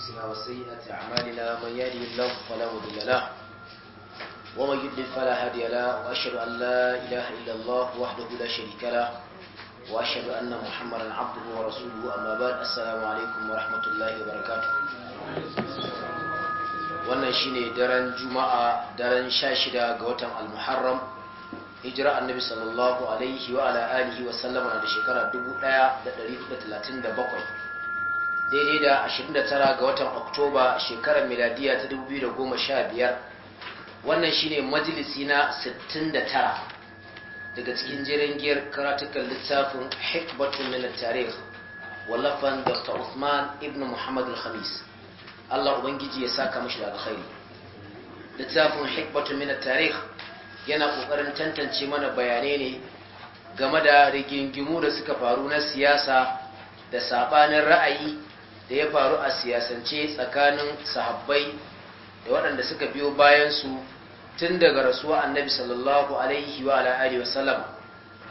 أنفسنا وسيئة أعمالنا من يهده الله فلا مضل له ومن يضلل فلا هادي له وأشهد أن لا إله إلا الله وحده لا شريك له وأشهد أن محمدا عبده ورسوله أما بعد السلام عليكم ورحمة الله وبركاته wannan shine daren juma'a daren sha shida ga watan al-muharram hijira annabi sallallahu alaihi wa ala alihi wa sallama da shekara 1437 daidai da 29 ga watan oktoba shekarar miladiya ta 2015 wannan shine majalisi na 69 daga cikin jiran giyar karatukan littafin hikbatun na tarih wallafan dr usman ibn muhammad al-khamis allah ubangiji ya saka mashi da alkhairi littafin hikbatun min tarih yana kokarin tantance mana bayanai ne game da rigingimu da suka faru na siyasa da sabanin ra'ayi da ya faru a siyasance tsakanin sahabbai da waɗanda suka biyo bayansu tun daga rasuwa annabi sallallahu alaihi wa alaihi wa sallam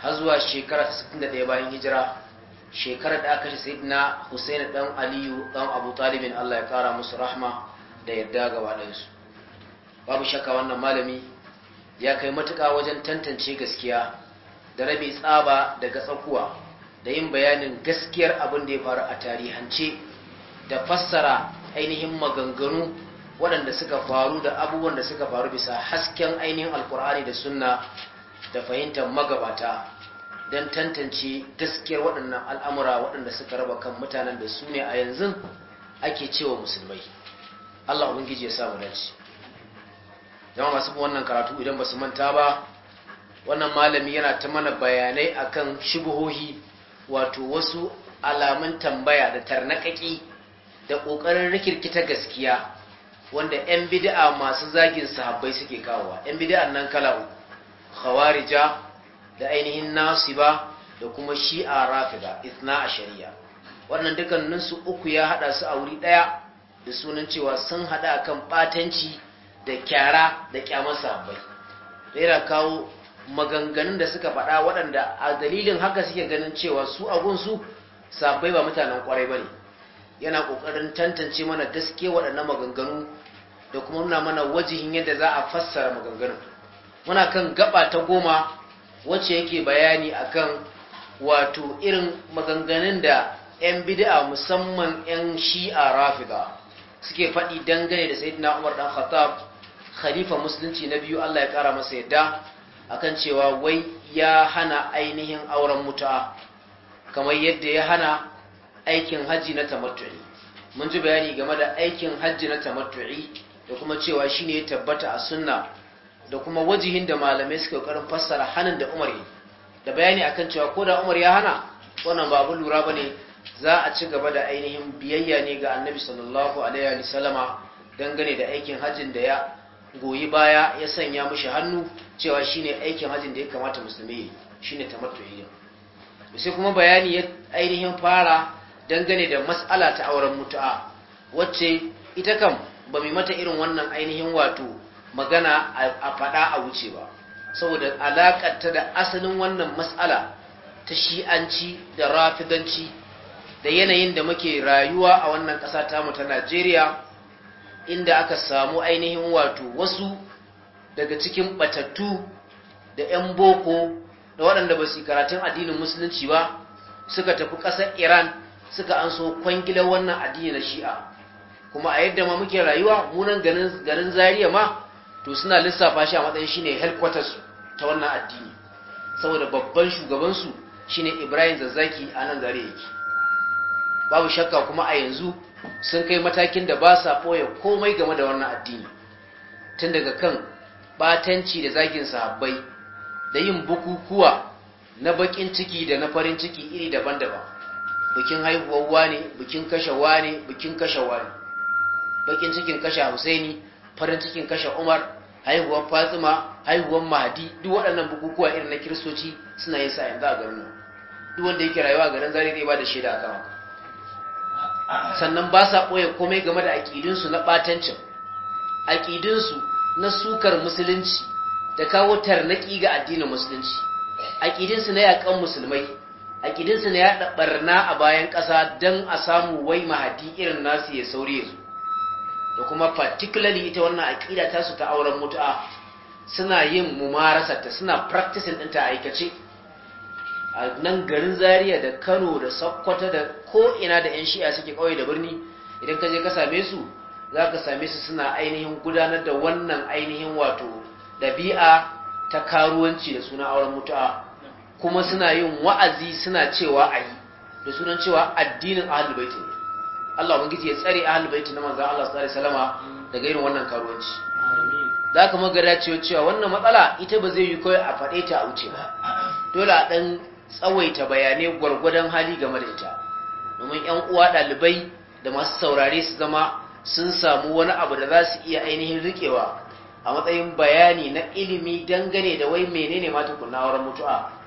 har zuwa shekara 61 bayan hijira shekara da aka shi na Husaini ɗan Aliyu ɗan Abu talibin Allah ya kara musu rahma da yarda gaba waɗansu. babu shakka wannan malami ya kai matuka wajen tantance gaskiya da rabe tsaba daga tsakuwa da yin bayanin gaskiyar abin da ya faru a tarihance da fassara ainihin maganganu waɗanda suka faru da abubuwan da suka faru bisa hasken ainihin alkur'ani da sunna da fahimtar magabata don tantance gaskiyar waɗannan al'amura waɗanda suka raba kan mutanen da su ne a yanzu ake cewa musulmai allah ubangiji ya samu dace zama masu bi wannan karatu idan ba su manta ba wannan malami yana ta mana bayanai akan shubuhohi wato wasu alamun tambaya da tarnaƙaƙi da ƙoƙarin rikirkita gaskiya wanda 'yan bida'a masu zagin sahabbai suke kawowa 'yan bida'a nan kala uku khawarija da ainihin nasu ba da kuma shi'a rafida ithna a shari'a wannan dukkaninsu uku ya haɗa su a wuri ɗaya da sunan cewa sun hada kan ɓatanci da kyara da kyamar sahabbai da yana kawo maganganun da suka faɗa waɗanda a dalilin haka suke ganin cewa su abun su sahabbai ba mutanen kwarai bane yana kokarin tantance mana gaske waɗannan maganganu da kuma nuna mana wajihin yadda za a fassara maganganun muna kan gaba ta goma wacce yake bayani akan wato irin maganganun da 'yan bid'a musamman 'yan shi'a rafida suke faɗi dangane da na umar dan khattab khalifa musulunci na biyu Allah ya kara masa yadda akan cewa wai ya hana ainihin auren mutu'a kamar yadda ya hana aikin hajji na tamattu'i mun ji bayani game da aikin hajji na tamattu'i da kuma cewa shine ya tabbata a sunna da kuma wajihin da malamai suka karin fassara hannun da Umar yi da bayani akan cewa ko da Umar ya hana wannan ba abu lura bane za a ci gaba da ainihin biyayya ne ga Annabi sallallahu alaihi wa sallama dangane da aikin hajjin da ya goyi baya ya sanya mushi hannu cewa shine aikin hajjin da ya kamata musulmi shine tamattu'i sai kuma bayani ya ainihin fara dangane da mas'ala ta auren mutu'a wacce ita kam ba mai mata irin wannan ainihin wato magana a faɗa a wuce ba saboda alaƙarta da asalin wannan mas'ala ta shi'anci da rafidanci da yanayin da muke rayuwa a wannan ƙasa tamu ta Najeriya inda aka samu ainihin wato wasu daga cikin batattu da 'yan boko da waɗanda ba su karatun addinin musulunci ba suka tafi ƙasar Iran suka an so kwangilar wannan addini na shi'a kuma a yadda ma muke rayuwa munan garin garin zariya ma to suna lissafa shi a matsayin shine headquarters ta wannan addini saboda babban shugaban su shine Ibrahim Zazzaki a nan zariya yake babu shakka kuma a yanzu sun kai matakin da ba sa boye komai game da wannan addini tun daga kan batanci da zagin sahabbai da yin bukukuwa na bakin ciki da na farin ciki iri daban-daban bikin haihuwar wane bikin kashe wane bikin kashe wane bakin cikin kashe Husaini farin cikin kashe Umar haihuwar Fatima haihuwar Mahdi duk waɗannan bukukuwa irin na Kiristoci suna yin sa yanzu a garin nan duk wanda yake rayuwa a garin zari zai ba da shaida akan haka sannan ba sa ɓoye komai game da aƙidinsu na ɓatancin aƙidinsu na sukar musulunci da kawo tarnaki ga addinin musulunci aƙidinsu na yaƙan musulmai aƙidinsu ne ya barna a bayan ƙasa don a samu wai mahadi irin nasu ya saurin yanzu da kuma particularly ita wannan aƙida su ta auren mutu'a suna yin mumarasarta suna practicing ɗinta aikace a nan garin zaria da kano da Sakkwata da ko'ina da 'yan shi'a suke kawai da birni idan ka je ka same su za ka same su suna ainihin gudanar da wannan ainihin wato ɗabi'a ta karuwanci da suna auren mutu'a kuma suna yin wa'azi suna cewa yi da sunan cewa addinin ahlul bait ne Allah ya tsare ahlul na manzan Allah su alaihi salama daga gairin wannan karuwanci Za ka magana cewa cewa wannan matsala ita ba zai yi kawai a faɗe ta a wuce ba dole a ɗan tsawaita bayanai gwargwadon hali game da ita domin yan uwa ɗalibai da masu saurare su zama sun samu wani abu da za su iya ainihin riƙewa a matsayin bayani na ilimi dangane da wai menene ma tukunna wurin mutu'a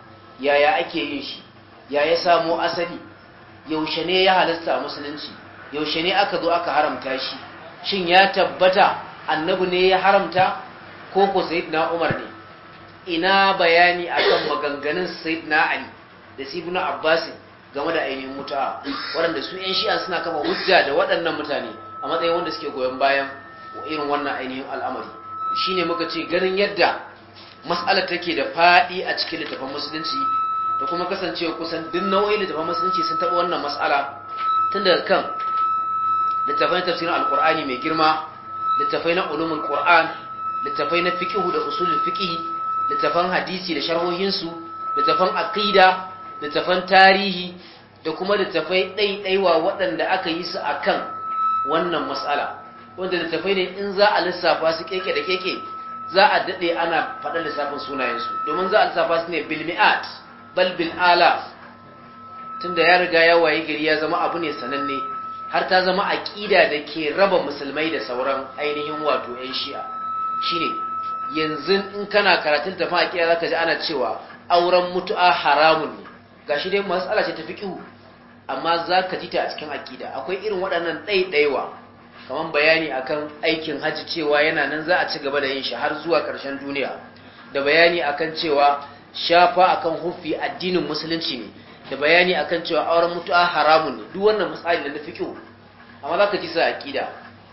yaya ake yin shi Yaya ya samo asali yaushe ne ya halasta musulunci yaushe ne aka zo aka haramta shi shin ya tabbata annabi ne ya haramta ko ko sayyidina umar ne ina bayani akan maganganun sayyidina ali da sibuna abbas game da ainihin mutu'a waɗanda su yan shi'a suna kafa hujja da waɗannan mutane a matsayin wanda suke goyon bayan irin wannan ainihin al'amari shine muka ce ganin yadda mas'alar take da faɗi a cikin littafin musulunci da kuma kasancewa kusan duk nau'in littafin musulunci sun taɓa wannan mas'ala tun daga kan littafai na tafsirin alkur'ani mai girma littafai na ulumul qur'an littafai na fiqhu da usulul fiqh littafan hadisi da sharhohinsu littafan aqida littafan tarihi da kuma littafai ɗaiɗaiwa waɗanda aka yi su akan wannan mas'ala wanda littafai ne in za a lissafa su keke da keke za a daɗe ana faɗar lissafin sunayensu domin za a lissafa su ne bilmi'at bal bil alaf tunda ya riga ya waye gari ya zama abu ne sananne har ta zama aƙida da ke raba musulmai da sauran ainihin wato 'yan shi'a shine yanzu in kana karatun tafi aƙida za ka ji ana cewa auren mutu'a haramun ne ga shi dai matsala ce ta fiƙihu amma za ka ji ta a cikin aƙida akwai irin waɗannan ɗaiɗaiwa kamar bayani akan aikin hajji cewa yana nan za a ci gaba da yin shi har zuwa ƙarshen duniya da bayani akan cewa shafa akan hufi addinin musulunci ne da bayani akan cewa auren mutu'a haramun ne duk wannan misali da fiqh amma za ka ji sa aqida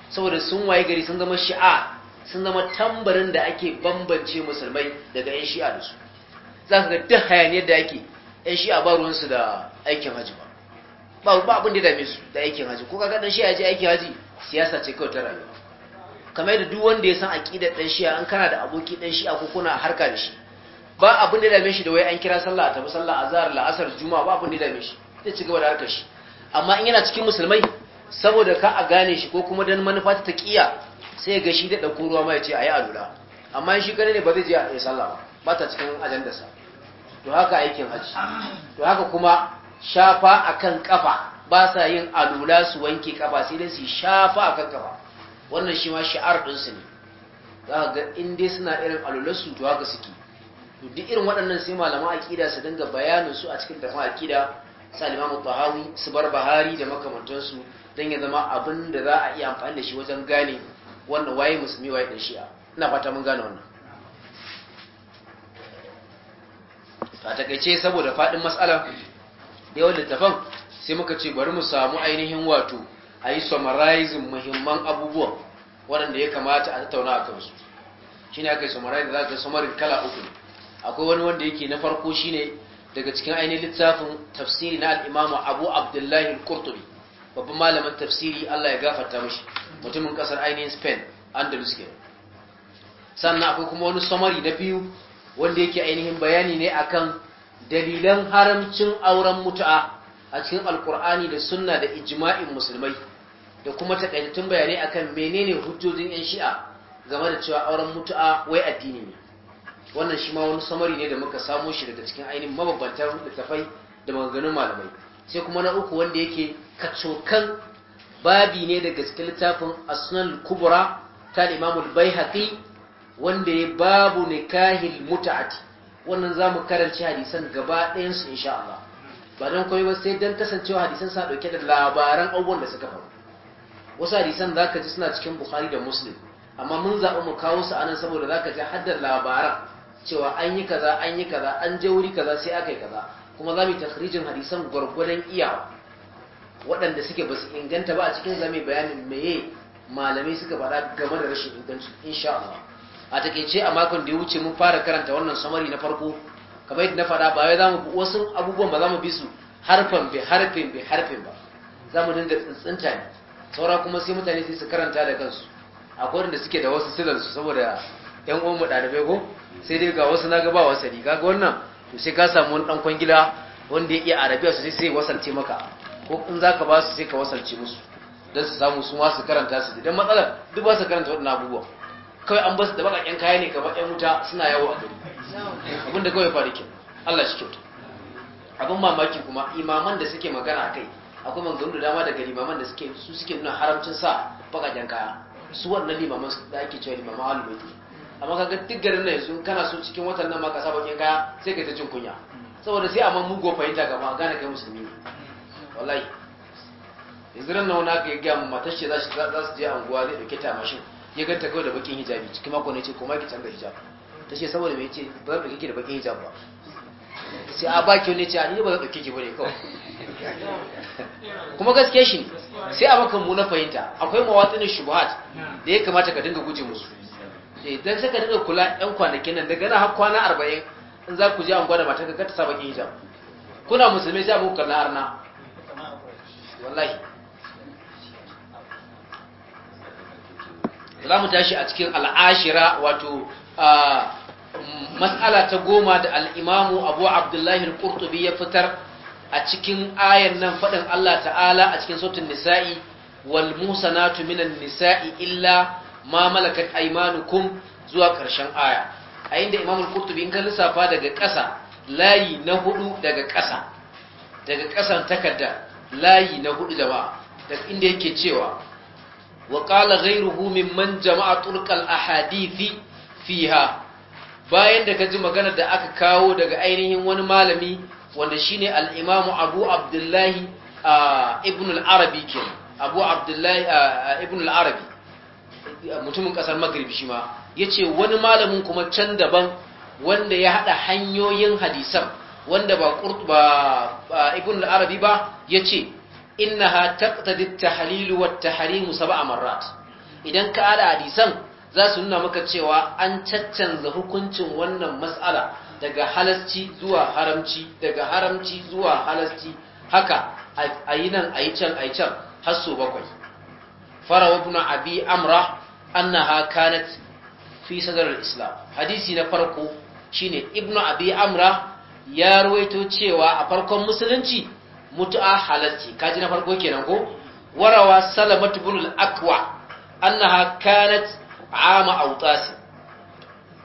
saboda sun waye gari sun zama shi'a sun zama tambarin da ake bambance musulmai daga yan shi'a da su za ka ga duk hayaniyar da ake yan shi'a ba ruwan su da aikin haji ba ba abin da dame su da aikin haji ko ga dan shi'a je aikin haji siyasa ce kawai ta rayuwa kamar da duk wanda ya san aqidar dan shi'a an kana da aboki dan shi ko kuna harka da shi ba abin da ya dame shi da wai an kira sallah ta bi sallah azhar la'asar juma'a ba abin da ya dame shi zai ci gaba da harkar shi amma in yana cikin musulmai saboda ka a gane shi ko kuma dan manufa ta taqiya sai ga shi da dauko ruwa mai ce ayi alura amma shi kare ne ba zai je a yi sallah ba ba ta cikin ajandarsa to haka aikin haji to haka kuma shafa akan kafa ba sa yin alula su wanke kafa sai dai su shafa akan kafa wannan shi ma shi'ar ɗinsu ne za ga in dai suna irin alularsu to haka suke to duk irin waɗannan sai malaman aƙida su dinga bayanin su a cikin tafin aƙida sa limamu tahawi su bar bahari da makamantansu don ya zama abin da za a iya amfani da shi wajen gane wannan waye musulmi waye ɗan shi'a ina fata mun gane wannan a takaice saboda faɗin matsala da yawan littafan sai muka ce bari mu samu ainihin wato a yi summarizing muhimman abubuwan waɗanda ya kamata a tattauna a kansu shi ne aka yi summarizing za ka summarin kala uku akwai wani wanda yake na farko shi ne daga cikin ainihin littafin tafsiri na al'imamu abu abdullahi al-kurtubi babban malamin tafsiri allah ya gafarta mashi mutumin kasar ainihin spain andalus ke sannan akwai kuma wani samari na biyu wanda yake ainihin bayani ne akan dalilan haramcin auren mutu'a a cikin alkur'ani da sunna da ijma'in musulmai da kuma takaitattun bayanai akan menene hujjojin yan shi'a game da cewa auren mutu'a wai addini ne wannan shi ma wani samari ne da muka samo shi daga cikin ainihin mababbantan littattafai da maganganun malamai sai kuma na uku wanda yake kacokan babi ne daga cikin littafin asunan kubura ta imamul bai wanda ya babu nikahil mutu'ati wannan za mu karanci hadisan gaba ɗayansu insha Allah ba don kawai ba sai don kasancewa hadisan sa dauke da labaran abubuwan da suka faru wasu hadisan za ka ji suna cikin bukhari da muslim amma mun zaɓi mu kawo su anan saboda za ka ji haddar labaran cewa an yi kaza an yi kaza an je wuri kaza sai aka yi kaza kuma za mu yi takhrijin hadisan gwargwadon iyawa waɗanda suke ba su inganta ba a cikin zame bayanin meye malamai suka faɗa game da rashin inganci insha Allah a ce a makon da ya wuce mun fara karanta wannan samari na farko kamar yadda na faɗa ba wai za mu bi wasu abubuwan ba za mu bi su harfan bi harfin bi harfin ba za mu dinga tsintsinta ne saura kuma sai mutane sai su karanta da kansu akwai wanda suke da wasu silan su saboda yan uwan mu dabe ko sai dai ga wasu naga ba wasali kaga wannan to sai ka samu wani dan kwangila wanda ya iya arabiya su sai sai wasalce maka ko in zaka ba su sai ka wasalce musu don su samu su ma su karanta su idan matsalar duk ba su karanta waɗannan abubuwa kawai an basu da bakakken kaya ne kamar ƴan wuta suna yawo a gari abin da kawai faru kenan Allah shi kyauta abin mamaki kuma imaman da suke magana kai akwai manzanni da dama daga limaman da suke su suke nuna haramcin sa bakajen kaya su wannan limaman da ake cewa limaman halibaiti amma kaga duk garin nan yanzu kana so cikin watan nan ma ka sa bakin kaya sai ka ta jin kunya saboda sai amma mugo fahimta gaba gane kai musulmi ne wallahi yanzu ran nawa na ga ga matar shi za su je anguwa zai dauke ta mashin ya ganta kawai da bakin hijabi cikin mako ne ce kuma ki canza hijabi ta ce saboda mai ce ba zan ɗauke da bakin hijab ba sai a baki wani ce a ni ba zan ɗauke ki ba ne kawai kuma gaske shi sai a maka mu na fahimta akwai mawatsin shubuhat da ya kamata ka dinga guje musu idan eh, sai ka dinga kula yan kwanakin nan daga na har kwana arba'in in za ku je an gwada mata ka sa bakin hijab kuna musulmi sai abu kallon arna wallahi za mu tashi a cikin al'ashira wato ah, Matsala ta goma da al'imamu abu abdullahi al-qurtubi ya fitar a cikin ayan nan faɗin Allah ta'ala a cikin sautin nisa'i wal na tuminan nisa'i illa ma malakat zuwa ƙarshen aya a inda imamu al-qurtubi in ka lissafa daga ƙasa layi na hudu daga ƙasa daga ƙasan takarda layi na hudu jama'a daga inda yake cewa wa qala ghayruhu mimman jama'a turqal ahadithi fiha bayan da ka ji magana da aka kawo daga ainihin wani malami wanda shine al-Imam Abu Abdullah ibn al-Arabi ke Abu Abdullah ibn al-Arabi mutumin kasar Maghrib shi ma yace wani malamin kuma can daban wanda ya hada hanyoyin hadisan wanda ba ba ibn al-Arabi ba yace innaha taqtadi at-tahlil wa at-tahrim sab'a marrat idan ka ada hadisan za su nuna maka cewa an caccanza hukuncin wannan matsala daga halasci zuwa haramci daga haramci zuwa halasci haka a yi nan a yi can a yi can har su bakwai farawa ibn abi amra ha kanat fi sadarar islam hadisi na farko shine ibn abi amra ya ruwaito cewa a farkon musulunci mutu'a halasci kaji na farko kenan ko warawa salamat ibn al-aqwa annaha kanat ama autasi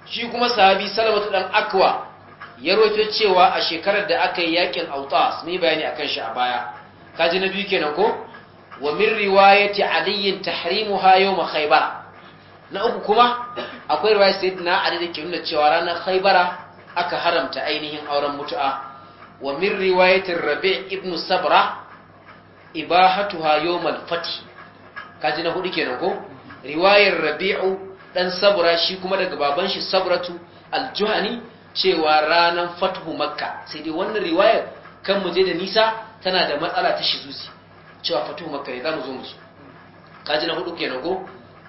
shi kuma sahabi salamatu dan akwa ya roto cewa a shekarar da aka yi yakin autas mai bayani akan shi a baya kaji na biyu kenan ko wa min riwayati aliyin tahrimuha yawm khaybar na uku kuma akwai riwayat sayyidina ali da ke nuna cewa ranar khaybara aka haramta ainihin auren mutu'a wa min riwayati rabi' ibn sabra ibahatuha yawm al-fath kaji na hudu kenan ko riwayar rabi'u dan Sabura shi kuma daga baban shi sabratu al-juhani cewa ranan fathu makka sai dai wannan riwayar kan muje da nisa tana da matsala ta shizuzi cewa fathu makka ne zamu zo mu su kaji na hudu kenan ko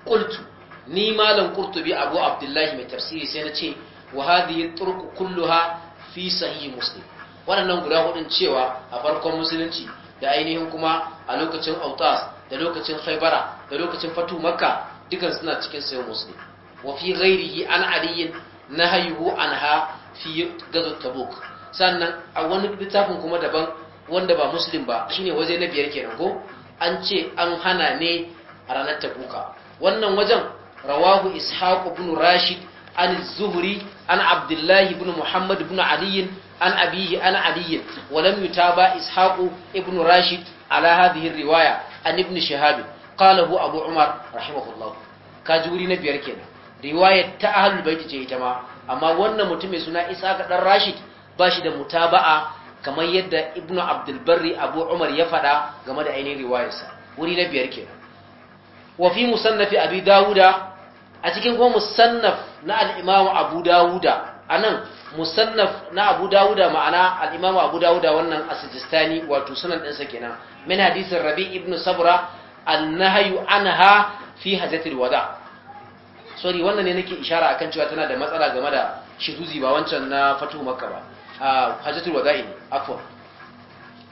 qultu ni malam qurtubi abu abdullahi mai tafsiri sai na ce wa hadhihi turq kulluha fi sahih muslim waɗannan guda hudun cewa a farkon musulunci da ainihin kuma a lokacin autas da lokacin khaybara da lokacin fatu makka dukan suna cikin sayan muslim wa fi ghairihi an aliyin nahayuhu anha fi gazot tabuk sannan a wani littafin kuma daban wanda ba muslim ba shine waje na biyar kenan ko an ce an hana ne a ranar tabuka wannan wajen rawahu ishaq ibn rashid an zuhri an abdullahi ibn muhammad ibn ali an abihi an ali walam yutaba ishaq ibn rashid ala hadhihi riwaya an ibn shihab qalahu abu umar rahimahullah kaji wuri na biyar kenan riwayar ta ahlul bait ce ita ma amma wannan mutum mai suna isaka dan rashid bashi da mutaba'a kamar yadda ibnu abdul barri abu umar ya fada game da ainihin riwayarsa wuri na biyar kenan wa fi musannafi abi Dauda a cikin kuma musannaf na al-imamu abu dawuda anan musannaf na abu Dauda ma'ana al-imamu abu Dauda wannan asijistani wato sanan ɗinsa kenan من حديث rabi ibn sabra النهي anha fi hajjatil الوداع sorry wannan ne nake ishara akan cewa tana da matsala game da shizuzi ba wancan na fatu makka ba a hajjatul wada'i afwan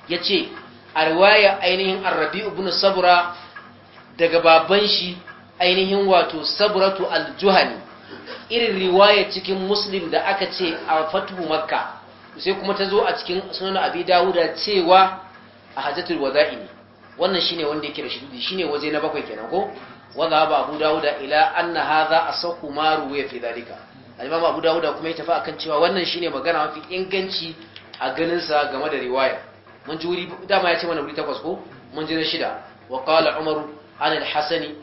yace a riwaya ainihin arabi rabi ibn sabra daga baban shi ainihin wato sabratu al-juhani irin riwaya cikin muslim da aka ce a fatu makka sai kuma ta zo a cikin sunan abi dawuda cewa a hajjatul wada'i ne wannan shine wanda yake da shududi shine waje na bakwai kenan ko wanda ba abu dauda ila anna hadha asaqu ma ruwiya fi dalika al-imam abu dauda kuma ya tafi akan cewa wannan shine magana mafi inganci a ganin sa game da riwaya mun ji wuri dama ya ce mana wuri takwas ko mun ji na shida wa qala umar an al-hasani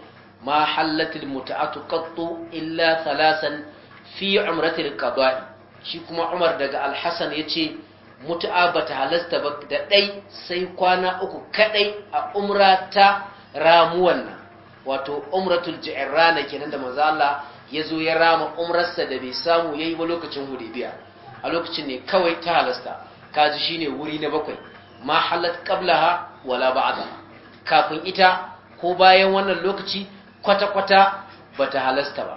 ma hallat al-mut'atu qattu illa thalasan fi umratil qada'i shi kuma umar daga al-hasan yace mutu'a bata halasta ba da ɗai sai kwana uku kaɗai a umra ta ramuwan nan wato umratul kenan da manzo Allah ya zo ya rama umrarsa da bai samu yayi ba lokacin hudibiya a lokacin ne kawai ta halasta kaji shine wuri na bakwai ma halat qablaha wala ba'da kafin ita ko bayan wannan lokaci kwata-kwata bata halasta ba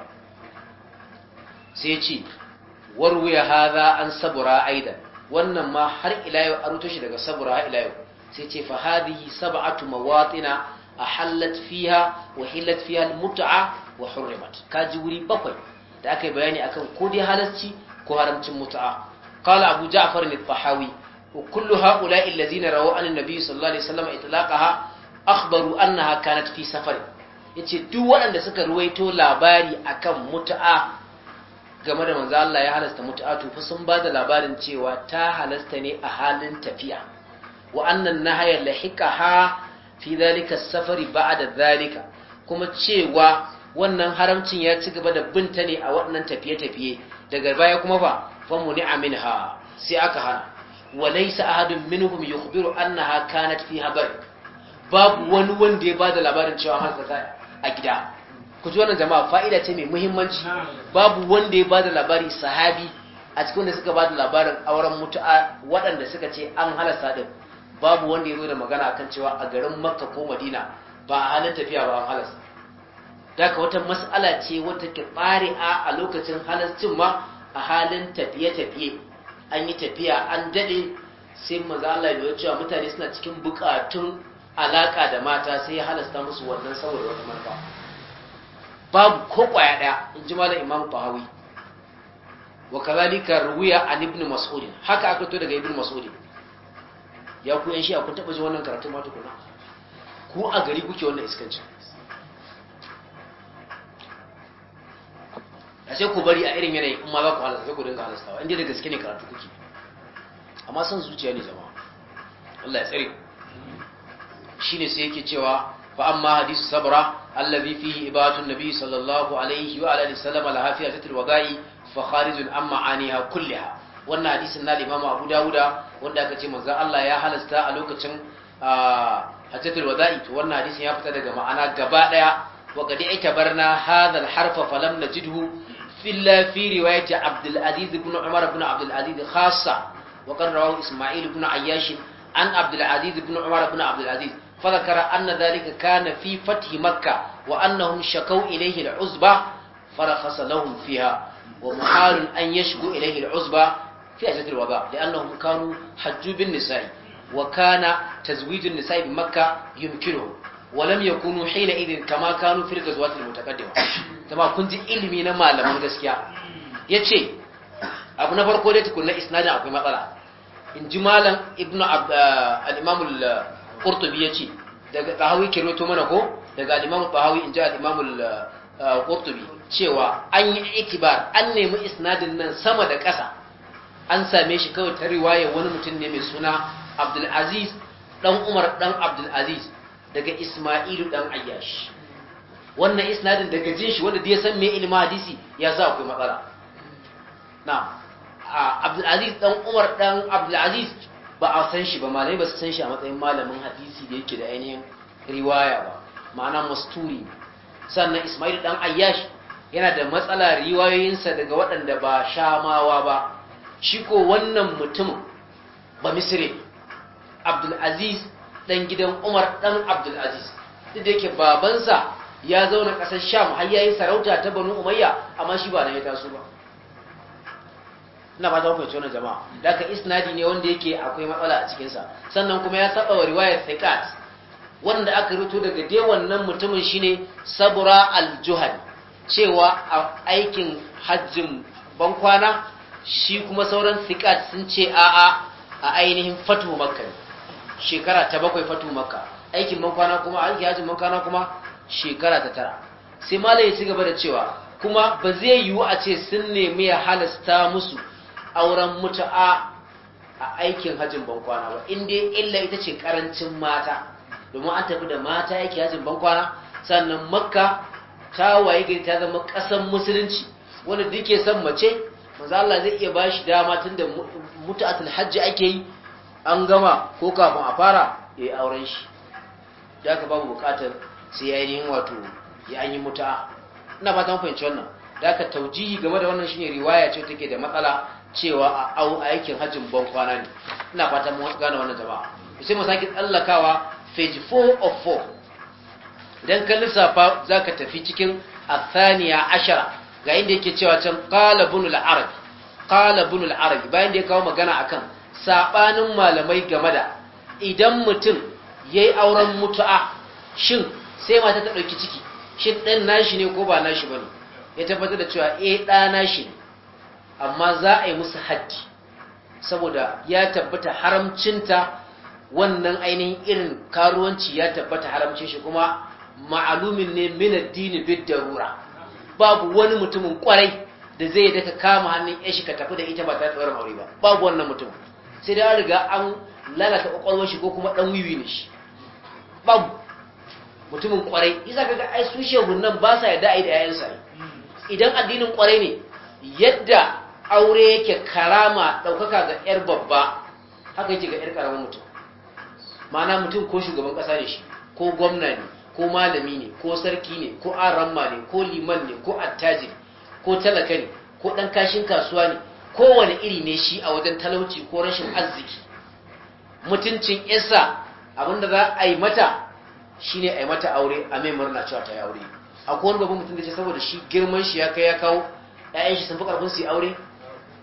sai ce warwaya hadha an sabura aidan wannan ma har ila a an shi daga sabura har ila sai ce fa hadhihi sab'atu mawatina ahallat fiha wa hillat fiha almut'a wa hurrimat kaji wuri bakwai da aka yi bayani akan ko dai halarci ko haramcin mut'a qala abu ja'far al-tahawi wa kullu ha'ula'i allazina rawu an annabi sallallahu alaihi wasallam itlaqaha akhbaru annaha kanat fi safar yace duk waɗanda suka ruwaito labari akan mut'a game da manzo Allah ya halasta mutu'a fa sun ba da labarin cewa ta halasta ne a halin tafiya wa annan nahaya lahiqaha fi dhalika safari ba'da dhalika kuma cewa wannan haramcin ya ci gaba da binta ne a wannan tafiye-tafiye daga baya kuma fa fa muni'a minha sai aka hana wa laysa ahadun minhum yukhbiru annaha kanat fi habar babu wani wanda ya bada labarin cewa har a gida ku ji wannan jama'a fa'ida ce mai muhimmanci babu wanda ya bada labari sahabi a cikin wanda suka bada labarin auren mutu'a waɗanda suka ce an halasta din babu wanda ya zo da magana akan cewa a garin makka ko madina ba a halin tafiya ba an halasta ka wata matsala ce wata ke a a lokacin halascin ma a halin tafiye-tafiye an yi tafiya an daɗe sai maza Allah ya cewa mutane suna cikin bukatun alaƙa da mata sai ya halasta musu wannan saboda wata manufa babu ko kwaya daya in ji malam imam tahawi wa kazalika ruwiya an ibn mas'ud haka aka to daga ibn mas'ud ya ku yan shi kun taba ji wannan karatu ma tukuna ku a gari kuke wannan iskanci a sai ku bari a irin yanayi kuma za ku halasta sai ku dinga halastawa inda da gaske ne karatu kuke amma san zuciya ne jama'a Allah ya tsare shine sai yake cewa فأما حديث صبرة الذي فيه إباة النبي صلى الله عليه وعلى وسلم العافية الوقاء فخارج عن معانيها كلها wannan hadisin na limamu abu dawuda wanda aka ce manzan Allah ya halasta a lokacin hajjatul wada'i to wannan hadisin ya fita daga ma'ana gaba daya wa qad ikbarna hadha al-harfa falam najidhu illa fi riwayati Abdul Aziz ibn Umar ibn Abdul Aziz khassa wa Isma'il ibn Ayyash an Abdul Aziz ibn Umar ibn Abdul Aziz فذكر أن ذلك كان في فتح مكة وأنهم شكوا إليه العزبة فرخص لهم فيها ومحال أن يشكو إليه العزبة في أجل الوباء لأنهم كانوا حجوا بالنساء وكان تزويج النساء بمكة يمكنه ولم يكونوا حينئذ كما كانوا في الغزوات المتقدمة كما كنت علمي نما لمن غسكيا يتشي abu na farko dai tukunna isnadin akwai matsala in ji malam ibnu al-imam Ƙurtubi ya ce, daga tahawi ke roto mana ko daga al-imam tahawi in ji al-imam al uh, cewa an yi itibar an nemi isnadin nan sama da ƙasa an same shi kawai ta riwaya wani mutum ne mai suna abdul aziz dan umar dan abdul aziz daga isma'ilu dan Ayyashi. wannan isnadin daga jin shi wanda ya san me ilmi hadisi ya sa akwai matsala na abdul aziz dan umar dan abdul aziz ba a san shi ba malai ba su san shi a matsayin malamin hadisi da yake da ainihin riwaya ba ma'ana masturi sannan ismail dan ayyash yana da matsala riwayoyinsa daga waɗanda ba shamawa ba shi ko wannan mutumin ba misri abdulaziz dan gidan umar dan abdulaziz duk da yake babansa ya zauna ƙasar sham har yayi sarauta ta banu umayya amma shi ba na ya taso ba ina ba ta hukunci wannan jama'a da ka isnadi ne wanda yake akwai matsala a cikinsa sannan kuma ya saba wa riwayar thiqat wanda aka rubuto daga dai wannan mutumin shine sabura al juhad cewa a aikin hajjin bankwana shi kuma sauran thiqat sun ce a'a a ainihin fatu makka shekara ta bakwai fatu makka aikin bankwana kuma aikin hajjin bankwana kuma shekara ta tara sai malai ya ci gaba da cewa kuma ba zai yiwu a ce sun nemi ya halasta musu auren mutu'a a aikin hajjin bankwana ba inda illa ita ce karancin mata domin an tafi da mata yake hajjin bankwana sannan makka ta waye gari ta zama kasan musulunci wanda duk ke son mace manzo Allah zai iya bashi dama tunda mutu'atul hajji ake yi an gama ko kafin a fara yayi auren shi ya ka babu bukatar sai ya yi wato ya yi mutu'a ina ta fahimci wannan da aka taujihi game da wannan shine riwaya ce take da matsala cewa a au aikin hajjin ban kwana ne ina fata mu gane wannan jama'a sai mu saki tsallakawa page 4 of 4 dan kan lissafa zaka tafi cikin athaniya ashara ga inda yake cewa can qala bunul arab qala bunul arab bayan da ya kawo magana akan sabanin malamai game da idan mutum yayi auren mutu'a shin sai mata ta dauki ciki shin dan nashi ne ko ba nashi bane ya tabbatar da cewa eh da nashi ne amma za a yi musu haƙƙi saboda ya tabbata haramcinta wannan ainihin irin karuwanci ya tabbata haramcin shi kuma ma'alumin ne min addini bid darura babu wani mutumin kwarai da zai daka kama hannun ya ka tafi da ita ba ta tsara aure ba babu wannan mutum sai da riga an lalata kwakwalwar shi ko kuma dan wiwi ne shi babu mutumin kwarai isa ga ai su nan ba sa yadda yi da yayansa idan addinin kwarai ne yadda aure yake karama ɗaukaka ga 'yar babba haka yake ga 'yar karamin mutum mana mutum ko shugaban kasa ne shi ko gwamna ne ko malami ne ko sarki ne ko aramma ne ko liman ne ko attajir ko talaka ne ko ɗan kashin kasuwa ne kowane iri ne shi a wajen talauci ko rashin arziki mutuncin isa abinda za a yi mata shi ne a yi mata aure a mai murna cewa ta yi aure akwai wani babban mutum da ce saboda shi girman shi ya kai ya kawo ‘ya'yan shi sun fi ƙarfin su yi aure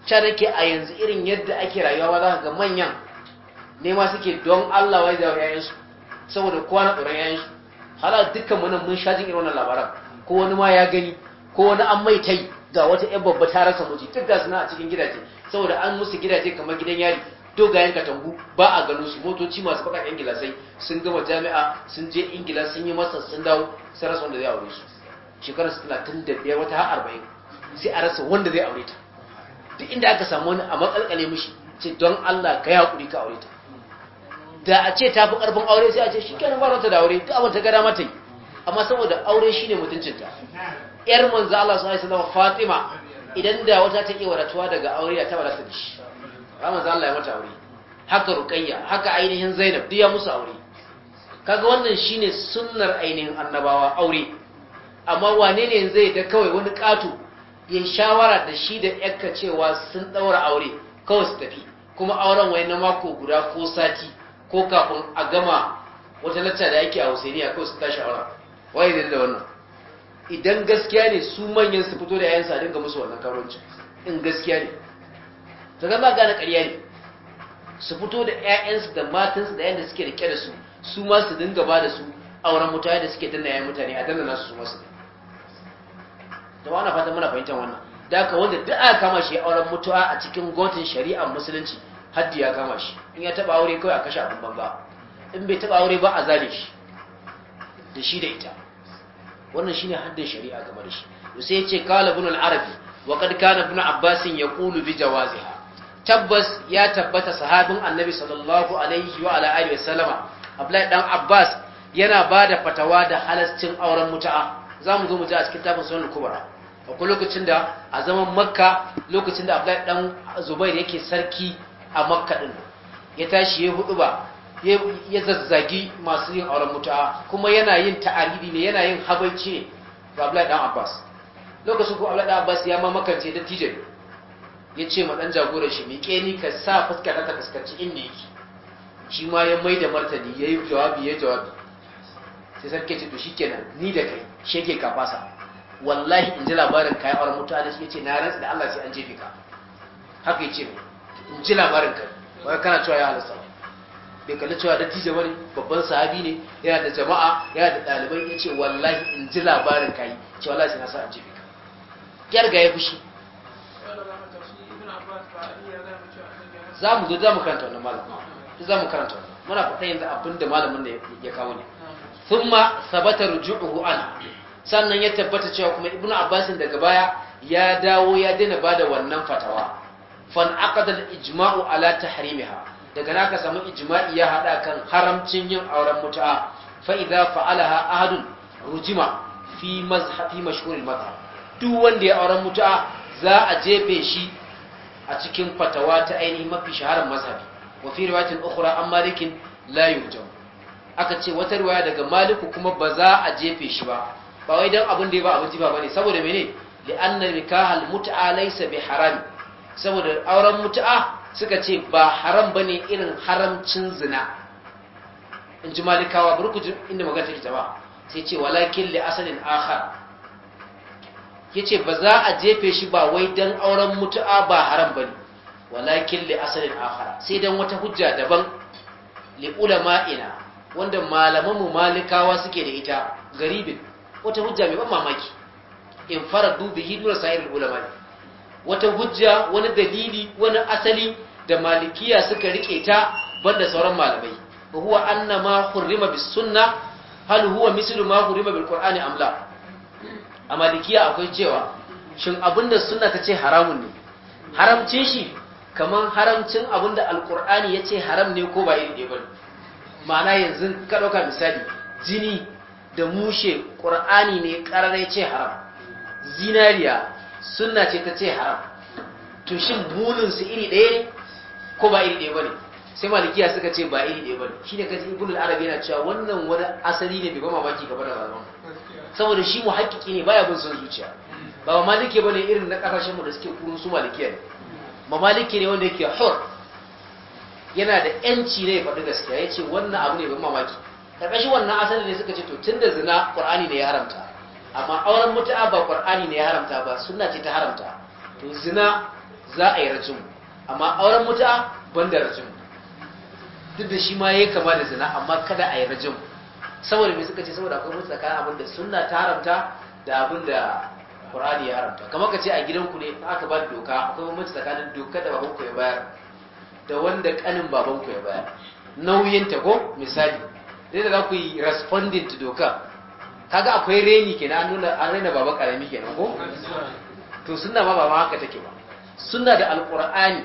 can ke a yanzu irin yadda ake rayuwa ba za ka ga manyan nema suke don Allah wai da su saboda kowa na tsoron su hala dukkan mu nan mun sha jin irin wannan labaran ko wani ma ya gani ko wani an mai tai ga wata ƴan babba ta rasa muji duk ga suna a cikin gidaje saboda an musu gidaje kamar gidan yari dogayen katangu ba a gano su motoci masu bakakken gilasai sun gama jami'a sun je ingila sun yi masa sun dawo sai rasa wanda zai aure su shekarar 35 wata har 40 sai a rasa wanda zai aure ta duk inda aka samu wani a matsalƙale mishi ce don Allah ka hakuri ka aure ta da a ce ta fi ƙarfin aure sai a ce shi kenan ba da aure duk abin ta gada mata yi amma saboda aure shine mutuncinta yar manzo Allah sallallahu alaihi Fatima idan da wata take waratuwa daga aure ta ba ta dishi ba manzo Allah ya mata aure haka Ruqayya haka ainihin Zainab duk ya musu aure kaga wannan shine sunnar ainihin annabawa aure amma wane ne zai da kawai wani kato yin shawara da shi da yakka cewa sun daura aure kawai su tafi kuma auren wai na mako guda ko sati ko kafin a gama wata lacca da yake a Husainiya kawai su tashi auren waye da wannan idan gaskiya ne su manyan su fito da yayansu a dinga musu wannan karuwancin in gaskiya ne ta zama gane ƙarya ne su fito da 'ya'yansu da matansu da yadda suke rike da su su ma su dinga ba da su auren mutane da suke danna 'ya'yan mutane a danna nasu su masu jama'a na fatan muna fahimtar wannan da ka wanda duk aka kama shi auren mutuwa a cikin gotin shari'ar musulunci haddi ya kama shi in ya taba aure kawai a kashe abin banza in bai taba aure ba a zale shi da shi da ita wannan shine haddin shari'a game da shi to sai ce qala ibn al-arabi wa qad kana ibn abbas yaqulu bi jawaziha tabbas ya tabbata sahabin annabi sallallahu alaihi wa ala alihi wasallama abdullahi dan abbas yana bada fatawa da halascin auren mutu'a za mu zo mu ji a cikin tafin sunan a akwai lokacin da a zaman makka lokacin da abdullahi dan zubair yake sarki a makka din ya tashi ya hudu ba ya zazzagi masu yin auren mutu'a kuma yana yin ta'aridi ne yana yin habaici ga abdullahi dan abbas lokacin ko abdullahi dan abbas ya ma makance da tijai ya ce ma dan jagoran shi ke ni ka sa fuska ta fuskarci inda yake shi ma ya mai da martani yayi yi jawabi ya jawabi sai sarki ce to shikenan ni da kai shege ka fasa wallahi in ji labarin kai auren mutane shi yace na rantsa da Allah sai an jefe ka haka yace in ji labarin kai wai kana cewa ya halasta bai kalli cewa da tije bane babban sahabi ne yana da jama'a yana da dalibai yace wallahi in ji labarin kai ce wallahi sai na sa an jefe ka kyar ga ya fushi za mu zo za mu karanta wannan malamin za mu karanta wannan muna faɗa yanzu abinda malamin da ya kawo ne thumma sabata ruju'uhu an sannan ya tabbata cewa kuma ibnu abbasin daga baya ya dawo ya daina bada wannan fatawa fan aqada al-ijma'u ala tahrimiha daga naka samu ijma'i ya hada kan haramcin yin auren mutu'a fa idza fa'alaha ahadun rujima fi mazhabi mashhuril madhhab duk wanda ya auren mutu'a za a jefe shi a cikin fatawa ta ainihin mafi shaharar mazhabi wa fi riwayatin ukhra an malikin la yujam aka ce wata riwaya daga maliku kuma ba za a jefe shi ba ba wai don abin da ya ba abin jifa ne. saboda mene na anna nikahal mut'a laisa bai haram saboda auren mutu'a suka ce ba haram bane irin haramcin zina in ji malikawa burkujin inda magana take ba sai ce walakin da asalin akhar ce ba za a jefe shi ba wai don auren mutu'a ba haram ba ne. walakin da asalin akhar sai don wata hujja daban li ina. wanda malamanmu malikawa suke da ita garibin wata hujja mai ban mamaki in fara dubi hidimar sa'irin ulama wata hujja wani dalili wani asali da malikiya suka rike ta banda sauran malamai huwa Annama ma hurrima bis sunna hal huwa mislu ma hurrima bil qur'ani amla a malikiya akwai cewa shin abinda sunna ta ce haramun ne haramcin shi kamar haramcin abinda alqur'ani ya ce haram ne ko ba iri ɗaya bane ma'ana yanzu ka ɗauka misali jini da mushe ƙur'ani ne ƙararai ce haram zinariya sunna ce ta ce haram to shin muninsu iri ɗaya ne ko ba iri ɗaya ba sai malikiya suka ce ba iri ɗaya ba ne shi ne kasi yana cewa wannan wani asali ne bai ba mamaki gaba da zaman saboda shi mu haƙiƙi ne baya bin son zuciya ba ba maliki ba ne irin na ƙasashen mu da suke kurun su malikiya ne ba maliki ne wanda yake hur yana da yanci ne ya faɗi gaskiya ya ce wannan abu ne ban mamaki shi wannan asali ne suka ce to tun da zina ƙur'ani ne ya haramta amma auren mutu'a ba ƙur'ani ne ya haramta ba suna ce ta haramta to zina za a yi rajin amma auren mutu'a ban da rajin duk da shi ma ya yi kama da zina amma kada a yi rajin saboda mai suka ce saboda akwai mutu tsakanin abin da suna ta haramta da abin da ƙur'ani ya haramta kamar ka ce a gidanku ne aka ba da doka akwai mutu tsakanin doka da ba ya bayar da wanda kanin babanku ya bayar ta ko misali dai da za ku yi responding to doka kaga akwai reni kenan an nuna an raina baba karami kenan ko to sunna ba ma haka take ba sunna da alqur'ani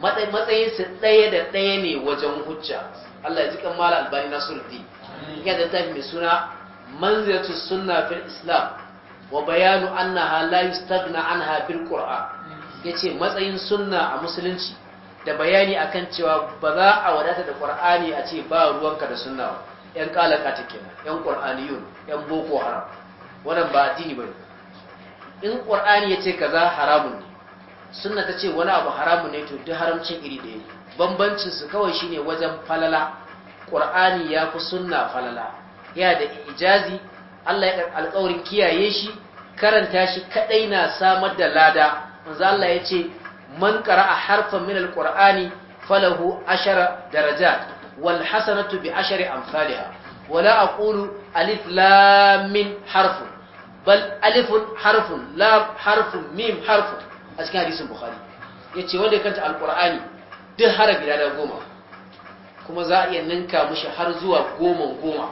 matsayin su ɗaya da ɗaya ne wajen hujja Allah ya ji kan mala albani surdi ya da tafi mai suna manzilatu sunna fil islam wa bayanu annaha la yastagna anha bil qur'an yace matsayin sunna a musulunci da bayani akan cewa ba za a wadata da qur'ani a ce ba ruwanka da sunna ba yan kalaka ta kenan yan qur'aniyun yan boko haram wannan ba addini bane in qur'ani yace kaza haramun ne sunna tace wani abu haramun ne to duk haramcin iri ɗaya bambancin su kawai shine wajen falala qur'ani ya fi sunna falala ya da ijazi Allah ya alƙawarin kiyaye shi karanta shi kaɗai na samar da lada manzo Allah yace man a harfa min Al-ƙur'ani falahu ashara daraja. wal hasanatu bi ashri amsalha wala aqulu alif lam min harfun bal alifun harfun lam harfun mim harfun a cikin hadisin bukhari yace wanda ya kanta alqur'ani duk harafi da goma kuma za a iya ninka mushi har zuwa goma goma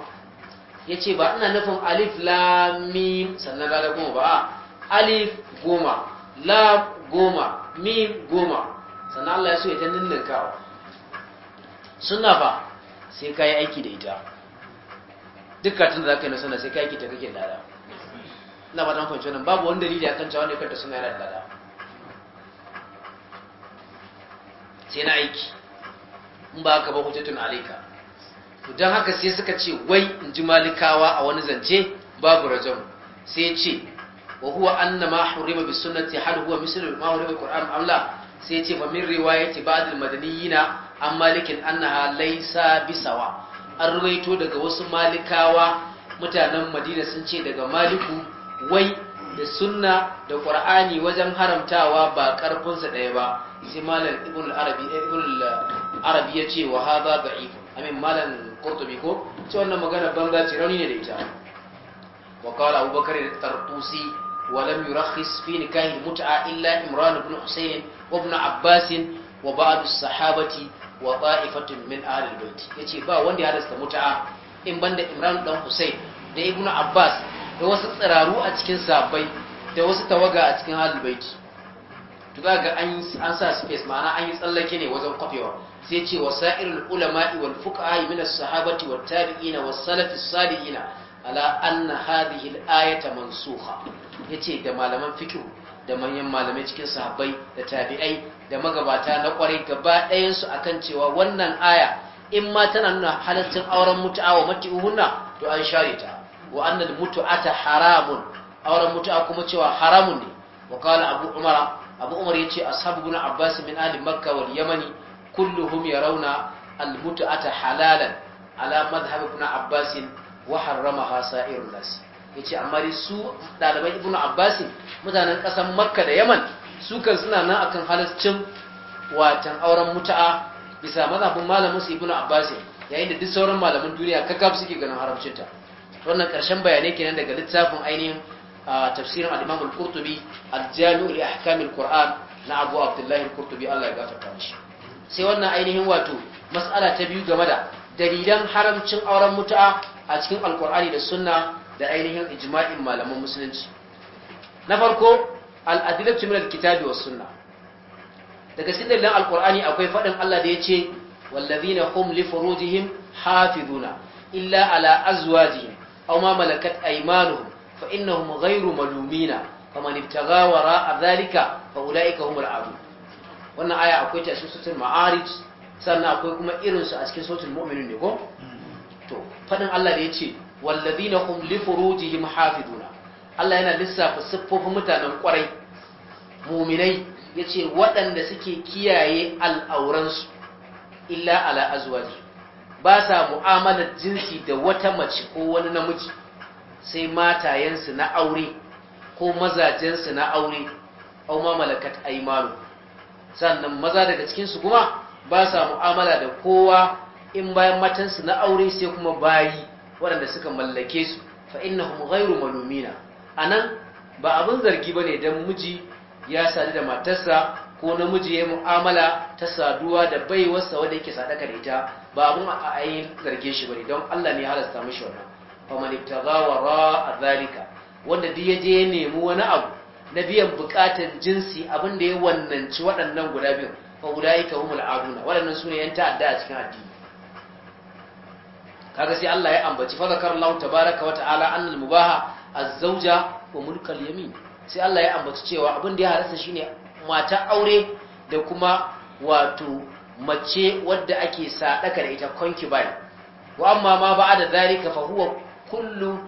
yace ba ina nufin alif lam mim sannan da goma ba alif goma lam goma mim goma sannan Allah ya so ya ta ninninkawa suna fa sai ka yi aiki da ita duk katin da za ka yi na sai ka yi aiki ta kake lada na ba ta fahimci wannan babu wani dalili a kan cewa ne kanta suna yana da lada sai na aiki in ba ka ba hujjatun alaika to don haka sai suka ce wai in ji malikawa a wani zance babu rajon, sai ce wa huwa anna ma hurima bi sunnati hal huwa mislu ma hurima alquran am la sai yace fa min riwayati ba'd almadaniyina an malikin annaha laysa bisawa an ruwaito daga wasu malikawa mutanen madina sun ce daga maliku wai da sunna da qur'ani wajen haramtawa ba karfin sa daya ba sai malam ibn al-arabi eh, ibn al-arabi yace wa hadha da'if amin malam qurtubi ko ce wannan magana banza ce rauni ne da ita وقال أبو بكر الترطوسي ولم يرخص في نكاح المتعة إلا إمران بن حسين وابن عباس وبعض الصحابة وطائفة من أهل البيت يتي با وندي هذا المتعة إن بند إمران بن حسين da ibn Abbas da wasu tsiraru a cikin sabai da wasu tawaga a cikin ahlul bait to ga an an sa space ma'ana an yi tsallake ne wajen kwafewa sai ce wasairul ulama'i wal fuqaha min as-sahabati wat tabi'ina was salafis salihina ala anna hadhihi al-ayata mansukha ya ce da malaman fikir da manyan malamai cikin sahabbai da tabi'ai da magabata na kwarai gaba ɗayansu a kan cewa wannan aya in ma tana nuna halaccin auren mutu'a wa uhunna to an share ta wa annal mutu'ata haramun auren mutu'a kuma cewa haramun ne wa abu umar abu umar ya ce ashabu sabbin abbas min ali makka wal yamani kulluhum yarawna al mutu'ata halalan ala madhhab ibn abbas wa harramaha sa'irun nas ya ce amma su ɗaliban ibn abbasin mutanen ƙasar makka da yaman su kan suna nan a kan halascin watan auren mutu'a bisa mazafin malamin su ibn abbasin yayin da duk sauran malamin duniya kakaf suke ganin haramcinta wannan ƙarshen bayanai kenan daga littafin ainihin tafsirin al'imam al kurtubi al jamiul quran na abu abdullahi al kurtubi Allah ya gafarta mishi sai wannan ainihin wato mas'ala ta biyu game da dalilan haramcin auren mutu'a a cikin al alkur'ani da sunna da ainihin ijma'in malaman musulunci na farko al'adilatu min alkitabi wa sunna daga cikin dalilan alqur'ani akwai fadin Allah da yace wallazina hum li furujihim hafizuna illa ala azwajihim aw ma malakat aymanuhum fa innahum ghayru malumina faman ibtagha wara'a dhalika fa ulaika humul aadun wannan aya akwai ta suratul ma'arij sannan akwai kuma irin su a cikin suratul muminin ne ko to fadin Allah da yace walladina hum li furujihim hafizuna Allah yana lissafa siffofin mutanen kwarai muminai yace waɗanda suke kiyaye al'auransu illa ala azwaji ba sa mu'amalar jinsi da wata mace ko wani namiji sai matayensu na aure ko mazajensu na aure au ma malakat aymanu sannan maza daga cikinsu kuma ba sa mu'amala da kowa in bayan matansu na aure sai kuma bayi waɗanda suka mallake su fa innahum ghairu malumina anan ba abin zargi ne dan miji ya sadu da matarsa ko namiji ya mu'amala ta saduwa da baiwarsa wanda yake sadaka da ita ba abin a ayin zarge shi bane don Allah ne halasta mishi wannan fa man a zalika wanda duk ya je ya nemi wani abu na biyan bukatar jinsi abin da ya wannanci waɗannan guda biyu fa ulaika humul aduna waɗannan sune yan ta'adda a cikin addini kaga sai Allah ya ambaci fa zakarallahu tabaraka wa ta'ala annal mubaha az-zawja wa mulkal yamin sai Allah ya ambaci cewa abin da ya shi shine mata aure da kuma wato mace wadda ake sadaka da ita concubine wa amma ma ba'da dhalika fa huwa kullu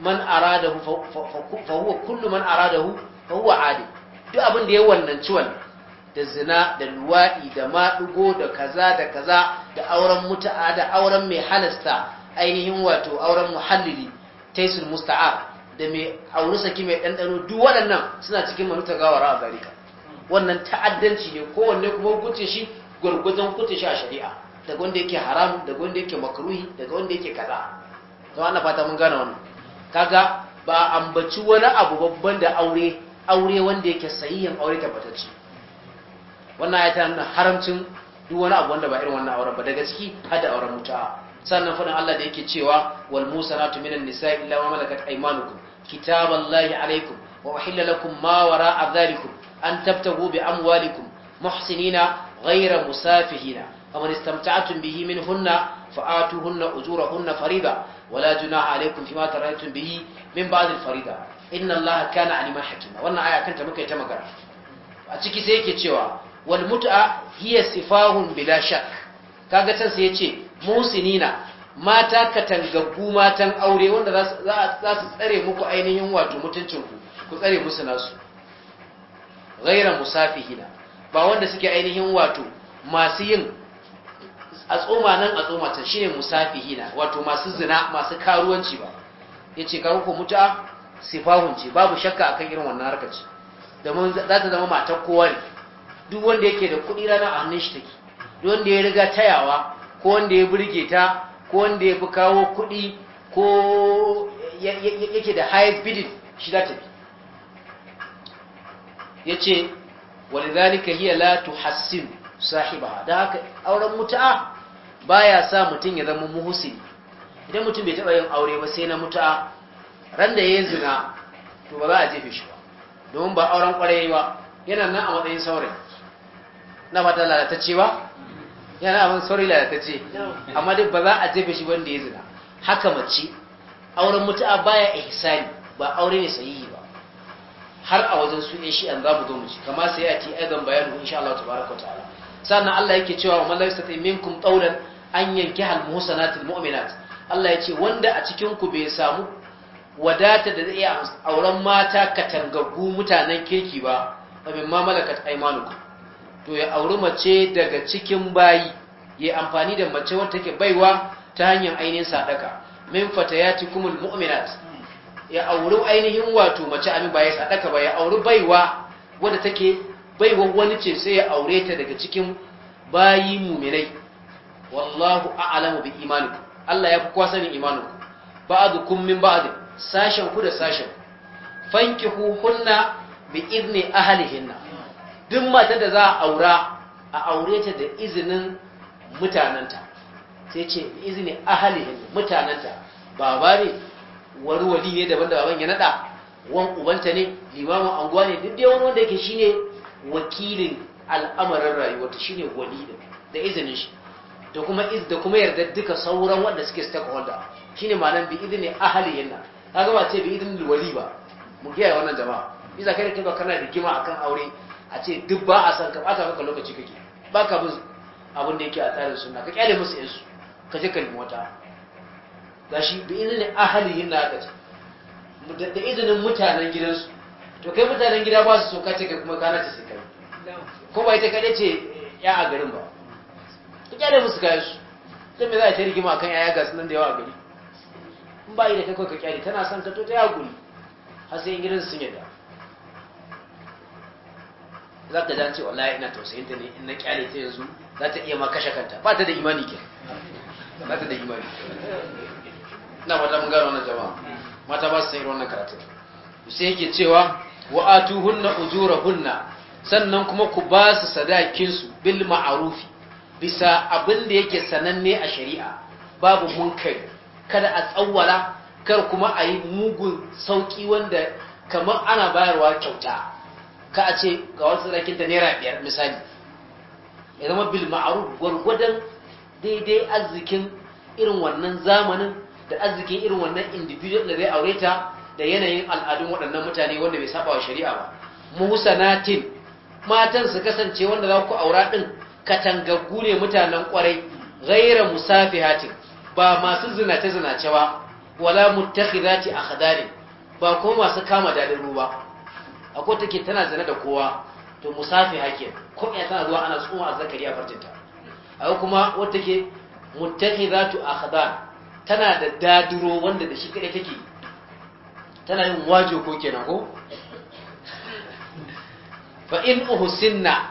man aradahu fa huwa kullu man aradahu fa huwa adi duk abin da ya wannan ciwon da zina da luwaɗi da maɗugo da kaza da kaza da auren muta'a da auren mai halasta ainihin wato auren muhallili taisul musta'a da mai auri saki mai ɗanɗano duk waɗannan suna cikin manuta gawara a zalika wannan ta'addanci ne kowanne kuma kuce shi gwargwadon kuce shi a shari'a daga wanda yake haram daga wanda yake makruhi daga wanda yake kaza zama ana fata mun gane wannan kaga ba ambaci wani abu babban da aure aure wanda yake sahihin aure tabbatacce wannan ya ta nuna haramcin duk wani abu wanda ba irin wannan auren ba daga ciki hada auren mutuwa. sannan faɗin Allah da yake cewa wal musanatu minan nisa'i illa ma malakat aymanukum kitaballahi alaikum wa uhilla lakum ma wara'a dhalikum an tabtagu bi amwalikum muhsinina ghayra musafihina faman istamta'tum bihi minhunna fa'atuhunna ujurahunna farida wala junaha alaikum fima taradtum bihi min ba'd al farida inna Allah kana aliman hakima wannan aya kanta muka yi ta magana a ciki sai yake cewa wal mut'a hiya sifahun bila shak kaga can sai yace musinina mata katangaggu matan aure wanda za su tsare muku ainihin wato mutuncin ku ku tsare musu nasu ghaira musafihina ba wanda suke ainihin wato masu yin a tsoma nan a tsoma can shine musafihina wato masu zina masu karuwanci ba yace ka ku muta sifahun ce babu shakka akan irin wannan harkaci domin za ta zama matar kowa ne duk wanda yake da kuɗi rana a hannun shi take duk wanda ya riga tayawa ko wanda ya burge ta ko wanda ya fi kawo kuɗi ko yake da highest bidding shi za ta bi ya ce hiya la tuhassin sahiba? da haka auren mutu'a baya sa mutum ya zama muhusini idan mutum bai taɓa yin aure ba sai na mutu'a ran da ya zina to ba za a jefe shi ba domin ba auren kwarai ba yana nan a matsayin saurayi na mata lalatacewa yana abin sauri ce. amma duk ba za a jefe shi wanda ya zina haka mace auren mutu'a baya ihsani ba aure ne sayi ba har a wajen su ne shi an za mu zo mu ci kama sai a ti aidan bayanu insha Allah tabaraka ta'ala sannan Allah yake cewa wa man la minkum qawlan an hal muhsanatil mu'minat Allah ya ce wanda a cikin ku bai samu wadata da zai auren mata katangaggu mutanen kirki ba amma malakat aymanukum to ya auri mace daga cikin bayi ya amfani da mace wadda take baiwa ta hanyar ainihin sadaka min kuma mu'minat ya auri ainihin wato mace amin ba ya sadaka ba ya auri baiwa wadda take baiwa wani ce sai ya aure ta daga cikin bayi muminai wallahu a'lamu bi imanikum Allah ya fi kowa sanin imaninku ba'dukum min ba'd sashen ku da sashen fankihu hunna bi idni ahlihinna duk mata da za a aura a aure ta da izinin mutananta sai ce izini ahali mutananta baba ne wani wali ne daban da baban ya nada wan ubanta ne limamin anguwa ne duk dai wani wanda yake shine wakilin al'amarin shi shine wali da izinin shi da kuma iz da kuma yarda duka sauran wanda suke stakeholder shine ma'anar bi izini ahali yana kaga ba ce bi idni wali ba mu kiyaye wannan jama'a bisa kai kai kana rigima akan aure a ce duk ba a san ka ba ka lokaci kake ba ka bin abin da yake a tsarin suna ka kyale musu yansu ka je kalmi wata gashi da izinin ahali yin na aka ce da izinin mutanen gidansu to kai mutanen gida ba su so ka ce kai kuma kana ce sai kai ko ba ita kaɗai ce ya a garin ba ka kyale musu kayan su don me za a ta rigima kan yaya ga sunan da yawa a gari in ba yi da kai ka kyale tana son ka to ta ya guri har sai gidan sun yadda za ta ji ce wallahi ina tausayin ta ne in na kyale ta yanzu za ta iya ma kashe kanta ba ta da imani ke ba ta da imani ina fata mun gano na jama'a mata ba su san irin wannan karatu sai yake cewa wa atuhunna ujurahunna sannan kuma ku ba su sadakin su bil ma'rufi bisa abin da yake sananne a shari'a babu munkari kada a tsawwala kar kuma a yi mugun sauki wanda kamar ana bayarwa kyauta ka a ce ga wasu sadakin ta naira biyar misali ya zama bil ma'aru gwargwadon daidai arzikin irin wannan zamanin da arzikin irin wannan individual da zai aure ta da yanayin al'adun waɗannan mutane wanda bai saba wa shari'a ba musanatin matan su kasance wanda za ku aura ɗin katangaggu ne mutanen ƙwarai gaira musafihatin ba masu zinace-zinace ba wala a akhdari ba kuma masu kama dadin ruwa akwai take tana zane da kowa to musafi hake ko ya tana zuwa ana tsuma a a farjinta akwai kuma wata take a hada tana da daduro wanda da shi kade take tana yin wajo ko kenan ko fa in uhsinna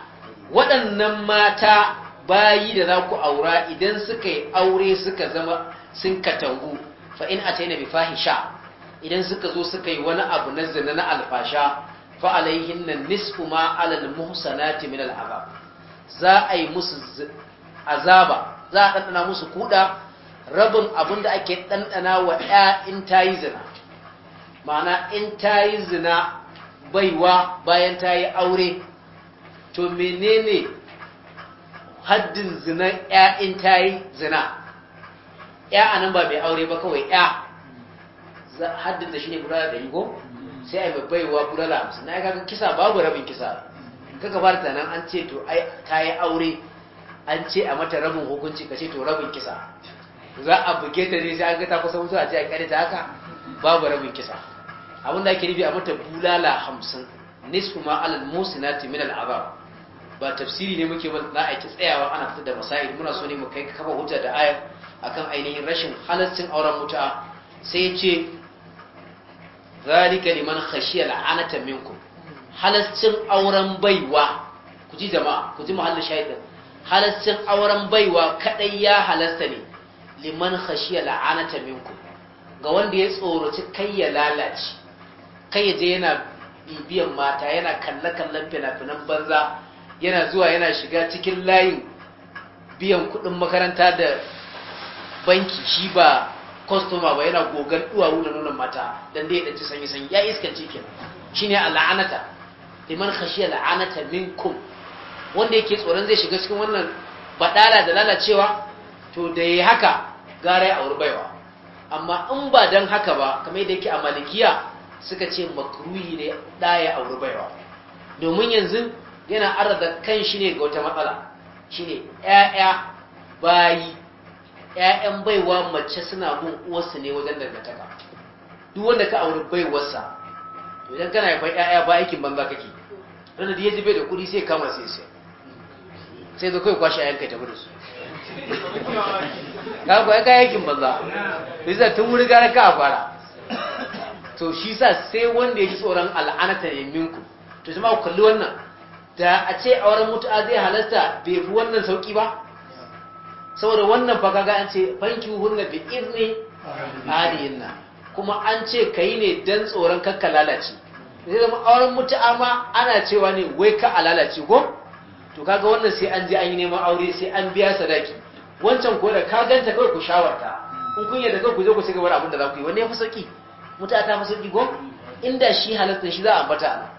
waɗannan mata bayi da za ku aura idan suka yi aure suka zama sun katangu fa in ataina bi fahisha idan suka zo suka yi wani abu na zina na alfasha fa nan nisfu ma alal muhsanati min al'azab za a yi musu azaba za a ɗanɗana musu kuɗa rabin abin da ake ɗanɗana wa ɗaya in ta yi zina ma'ana in ta yi zina baiwa bayan ta yi aure to menene haddin zina ya in ta yi zina ya anan ba mai aure ba kawai ya haddin da shi ne guda da ɗari ko sai a yi baiwa bulala hamsin na ya kakan kisa babu rabin kisa kaka fara nan an ce to ta yi aure an ce a mata rabin hukunci ka ce to rabin kisa za a buge ta ne sai an ga ta kusa mutuwa ce a kare ta haka babu rabin kisa abinda ake nufi a mata bulala hamsin nisfu ma alal musinati min ba tafsiri ne muke na aiki tsayawa ana fitar da masail muna so ne mu kai kafa hujja da aya akan ainihin rashin halaccin auren mutuwa sai ce zalika liman khashiyal anata minkum halascin auren baiwa ku ji jama'a ku ji muhallin shahidin halascin auren baiwa kadai ya halasta ne liman khashiyal anata minkum ga wanda ya tsoroci kai ya lalace kai je yana bibiyan mata yana kalle kallan fina-finan banza yana zuwa yana shiga cikin layin biyan kudin makaranta da banki shi ba kwastoma ba yana gogar duwawu da nonon mata don dai ya ɗanci sanyi sanyi ya shi ne a la'anata liman la'anata min kum wanda yake tsoron zai shiga cikin wannan badala da lalacewa to da yayi haka gara ya auri baiwa amma in ba don haka ba kamar yadda yake a malikiya suka ce makruhi ne da ya auri baiwa domin yanzu yana arada kan shi ne ga wata matsala shine ƴaƴa bayi 'ya'yan baiwa mace suna bin uwarsu ne wajen dangantaka duk wanda ka auri baiwarsa to idan kana haifar 'ya'ya ba aikin banza kake wanda da ya jibe da kuɗi sai kama sai sai sai zai kai kwashe 'ya'yan kai tafi da su ka kuwa ka aikin banza da zai tun wuri gara ka a fara to shi sa sai wanda ya ji tsoron al'anata ne minku to jama'a kalli wannan da a ce a wurin mutu'a zai halasta bai fi wannan sauki ba saboda wannan ba kaga an ce banki hunna bi izni alihinna kuma an ce kai ne dan tsoron kakka lalace sai zama auren mutu'a ma ana cewa ne wai ka a lalace ko to kaga wannan sai an je an yi neman aure sai an biya sadaki wancan ko da ka ganta kawai ku shawarta in kun yarda kawai ku je ku shiga gaba da abin da za ku yi wanne fi sauki mutu'a ta fi sauki ko inda shi halatta shi za a ambata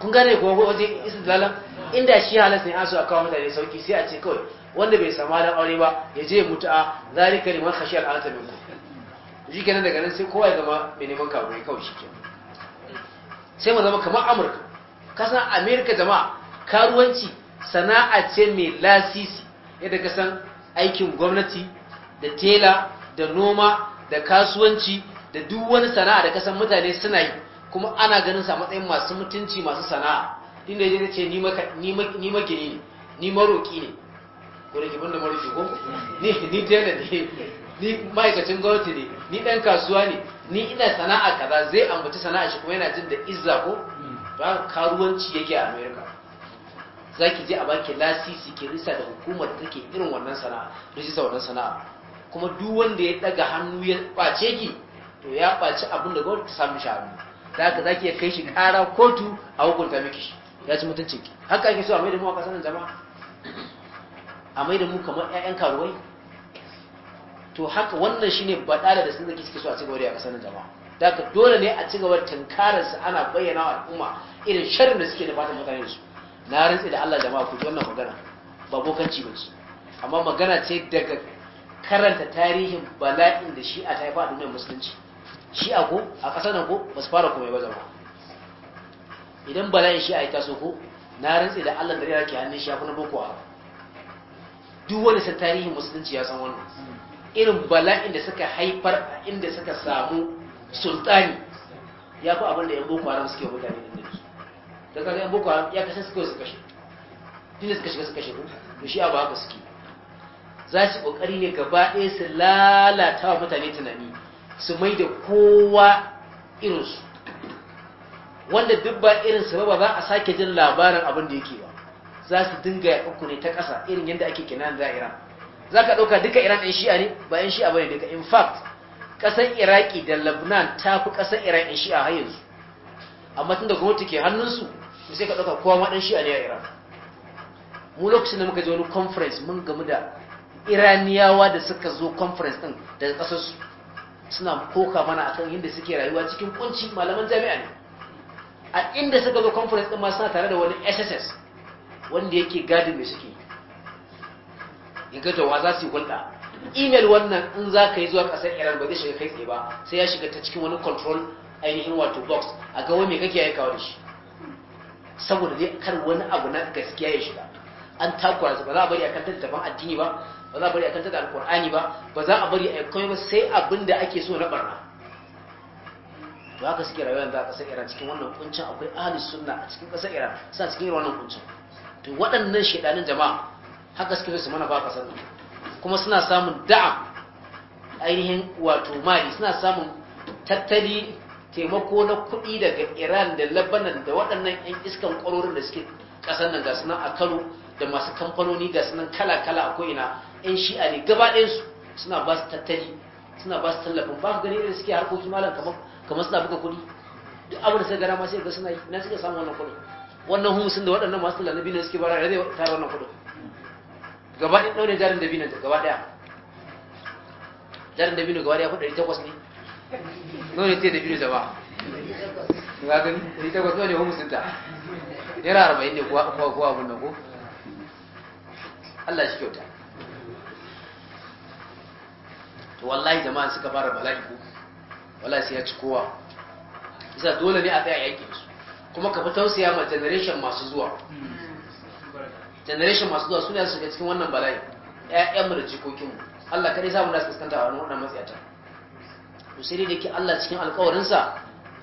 kun gane ko waje istidlalan inda shi halas ne a a kawo mutane sauki sai a ce kawai wanda bai sama da aure ba ya je mutu a zalika liman khashiyar alata min ji kenan daga nan sai kowa ya zama mai neman kawo ne kawai shi sai mu zama kamar amurka kasan amerika jama'a karuwanci sana'a ce mai lasisi yadda kasan aikin gwamnati da tela da noma da kasuwanci da duk wani sana'a da kasan mutane suna yi kuma ana ganin sa matsayin masu mutunci masu sana'a inda ya ce ni magini ne ni maroki ne ko da ke banda maroki ko ni tela ne ni ma'aikacin gwamnati ne ni ɗan kasuwa ne ni ina sana'a kaza zai ambaci sana'a shi kuma yana jin da izza ko ba karuwanci yake a america za ki je a baki lasisi ke risa da hukumar da take irin wannan sana'a rijista wannan sana'a kuma duk wanda ya daga hannu ya ɓace ki to ya ɓaci abin da gwamnati ta samu shi hannu da ka za ki kai shi kara kotu a hukunta miki shi ya ci mutuncin ki haka ake so a maida mu a kasar nan jama'a a maida mu kamar ƴaƴan karuwai to haka wannan shine badala da sun zaki suke so a cigaba da a kasar nan jama'a da ka dole ne a cigaba tunkarar su ana bayyana wa al'umma irin sharrin da suke da fatan mutane su na rantsi da Allah jama'a ku ji wannan magana ba bokanci ba ce amma magana ce daga karanta tarihin bala'in da shi'a ta yi a ne musulunci shi'a ko a ƙasar nan ko ba su fara komai ba jama'a idan bala'in shi a yi taso ko na rantsi da allah da ke hannun shi ya fi na boko haram duk wani san tarihin musulunci ya san wannan irin bala'in da suka haifar a inda suka samu sultani ya fi abin da yan boko haram suke mutane da su. da kaga yan boko haram ya su suka su kashe tunda suka shiga kashe shiga to shi abu haka suke za su kokari ne gaba ɗaya su lalata wa mutane tunani su mai da kowa irinsu wanda duk ba irin su ba za a sake jin labarin abin da yake ba za su dinga ya uku ne ta kasa irin yadda ake kinan za Iran za ka ɗauka duka Iran ɗin shi'a ne ba ɗin shi'a ba ne duka in fact ƙasar Iraki da Lebanon ta fi ƙasar Iran ɗin shi'a har yanzu amma tun da gwamnati ke hannunsu sai ka ɗauka kowa ma ɗin shi'a ne a Iran mu lokacin da muka je wani conference mun gamu da Iraniyawa da suka zo conference din daga ƙasarsu suna koka mana akan yadda suke rayuwa cikin kunci malaman jami'a ne a inda suka zo conference din ma suna tare da wani sss wanda yake gadin mai suke ya ga jawa za su yi hulɗa email wannan in za ka yi zuwa ƙasar iran ba zai shiga kai tsaye ba sai ya shiga ta cikin wani control ainihin wato box a ga wani kake ya kawo da shi saboda dai kar wani abu na gaskiya ya shiga an takura su ba za a bari a kanta da addini ba ba za a bari a kanta da alkur'ani ba ba za a bari a komai ba sai abin da ake so na barna to haka suke rayuwa yanzu a ƙasar iran cikin wannan kuncin akwai ahli sunna a cikin ƙasar iran suna cikin wannan kuncin to waɗannan shaidanin jama'a haka suke su mana ba ƙasar nan kuma suna samun da'a ainihin wato mali suna samun tattali taimako na kuɗi daga iran da labanan da waɗannan 'yan iskan ƙwarorin da suke ƙasar nan ga nan a kano da masu kamfanoni ga nan kala-kala a ko'ina 'yan shi'a ne gaba ɗayansu suna ba su tattali suna ba su tallafin ba gani irin suke harkokin malam kamar kamar suna buga kuɗi duk abin da suka gara masu yaga suna yi na suka samu wannan kuɗin wannan hun sun da waɗannan masu lalabi ne suke bara zai tara wannan kuɗin gaba ɗin ɗaure jarin da binan gaba ɗaya jarin da binan gaba ɗaya kuɗi takwas ne nawa ce da binan jama'a ga ɗari takwas nawa ne humusin ta naira arba'in ne kuwa kuwa abin nan ko Allah shi kyauta to wallahi jama'a suka fara bala'i ko wala sai ya ci kowa isa dole ne a tsaya yaki su kuma ka fi tausaya ma generation masu zuwa generation masu zuwa suna ga cikin wannan bala'i ƴaƴanmu da jikokinmu Allah sa mu da su fuskanta a wannan matsayata to sai dai ke Allah cikin alƙawarinsa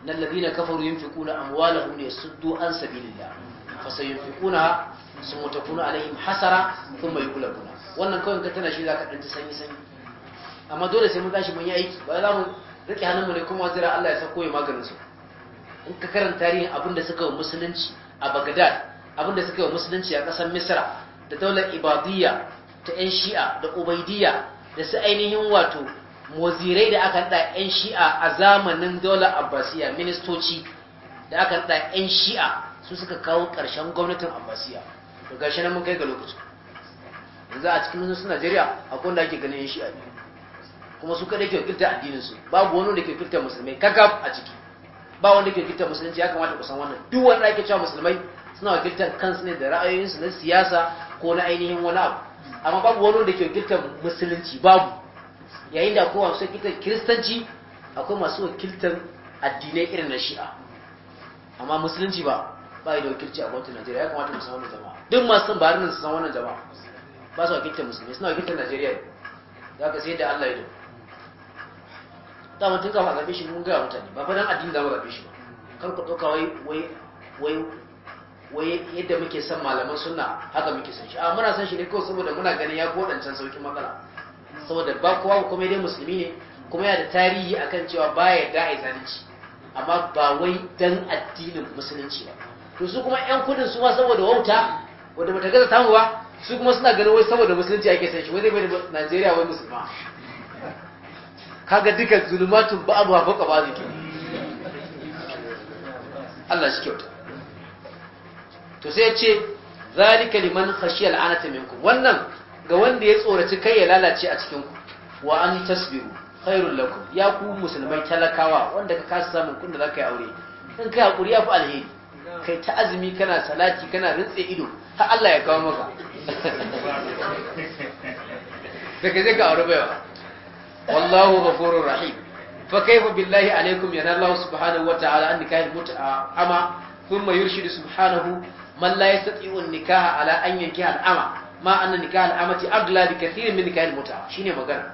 nan ladina kafaru yunfiquna amwalahum yasuddu an sabilillah fa sayunfiquna summa takunu alaihim hasara thumma yuqlabuna wannan kawai ka tana shi zaka danci sanyi sanyi amma dole sai mun tashi mun yi aiki ba za mu rike mu ne kuma jira Allah ya sako ya maganin su in ka karanta tarihin abinda suka yi musulunci a Baghdad abinda suka yi musulunci a ƙasar Misra da daular ibadiyya ta yan Shi'a da Ubaidiyya da su ainihin wato mozirai da aka da yan Shi'a a zamanin daular Abbasiyya ministoci da aka da yan Shi'a su suka kawo ƙarshen gwamnatin Abbasiyya to gashi nan mun kai ga lokaci yanzu a cikin suna Najeriya akwai wanda ake ganin yan Shi'a ne kuma su kadai ke wakiltar addininsu babu wani da ke wakiltar musulmai kakaf a ciki ba wanda ke wakiltar musulunci ya kamata kusan wannan duk wanda ake cewa musulmai suna wakiltar kansu ne da ra'ayoyinsu na siyasa ko na ainihin wani abu amma babu wani da ke wakiltar musulunci babu yayin da akwai masu wakiltar kiristanci akwai masu wakiltar addinai irin na shi'a amma musulunci ba ba da wakilci a gwamnatin najeriya ya kamata musamman wannan jama'a duk masu san baharin su san wannan jama'a ba su wakiltar musulmi suna wakiltar najeriya ne za ka sai da allah ya duk dama tun kafa a zaɓe shi mun gaya mutane ba fa dan addini za mu zaɓe shi ba kar ku ɗauka wai wai wai wai yadda muke son malaman sunna haka muke son shi a muna son shi ne kawai saboda muna ganin ya fi waɗancan sauƙin matsala saboda ba kowa kuma dai musulmi ne kuma yana da tarihi akan cewa ya da ai zalunci amma ba wai dan addinin musulunci ba to su kuma yan kudin su ma saboda wauta wanda bata gaza tamu ba su kuma suna ganin wai saboda musulunci ake san shi wai zai bai da Najeriya wai musulma kaga duka zulumatun ba abuwa baka ba ke Allah shi kyauta to sai ce zalika liman khashiya al'anata minkum wannan ga wanda ya tsoraci kai ya lalace a cikin ku wa an tasbiru khairul lakum ya ku musulmai talakawa wanda ka kasa samun kunda da zaka yi aure in kai hakuri ya fi alheri kai ta azumi kana salati kana rintse ido har Allah ya kawo maka daga zai ka aure baiwa wallahu ghafurur rahim fa kayfa billahi alaikum yana Allah subhanahu wa wataala an nikahi mut'a ama thumma yurshidu subhanahu man la yastati'u an-nikaha ala an yankiha al-ama ma anna nikah al-amati aghla bi kathirin min nikah al-mut'a shine magana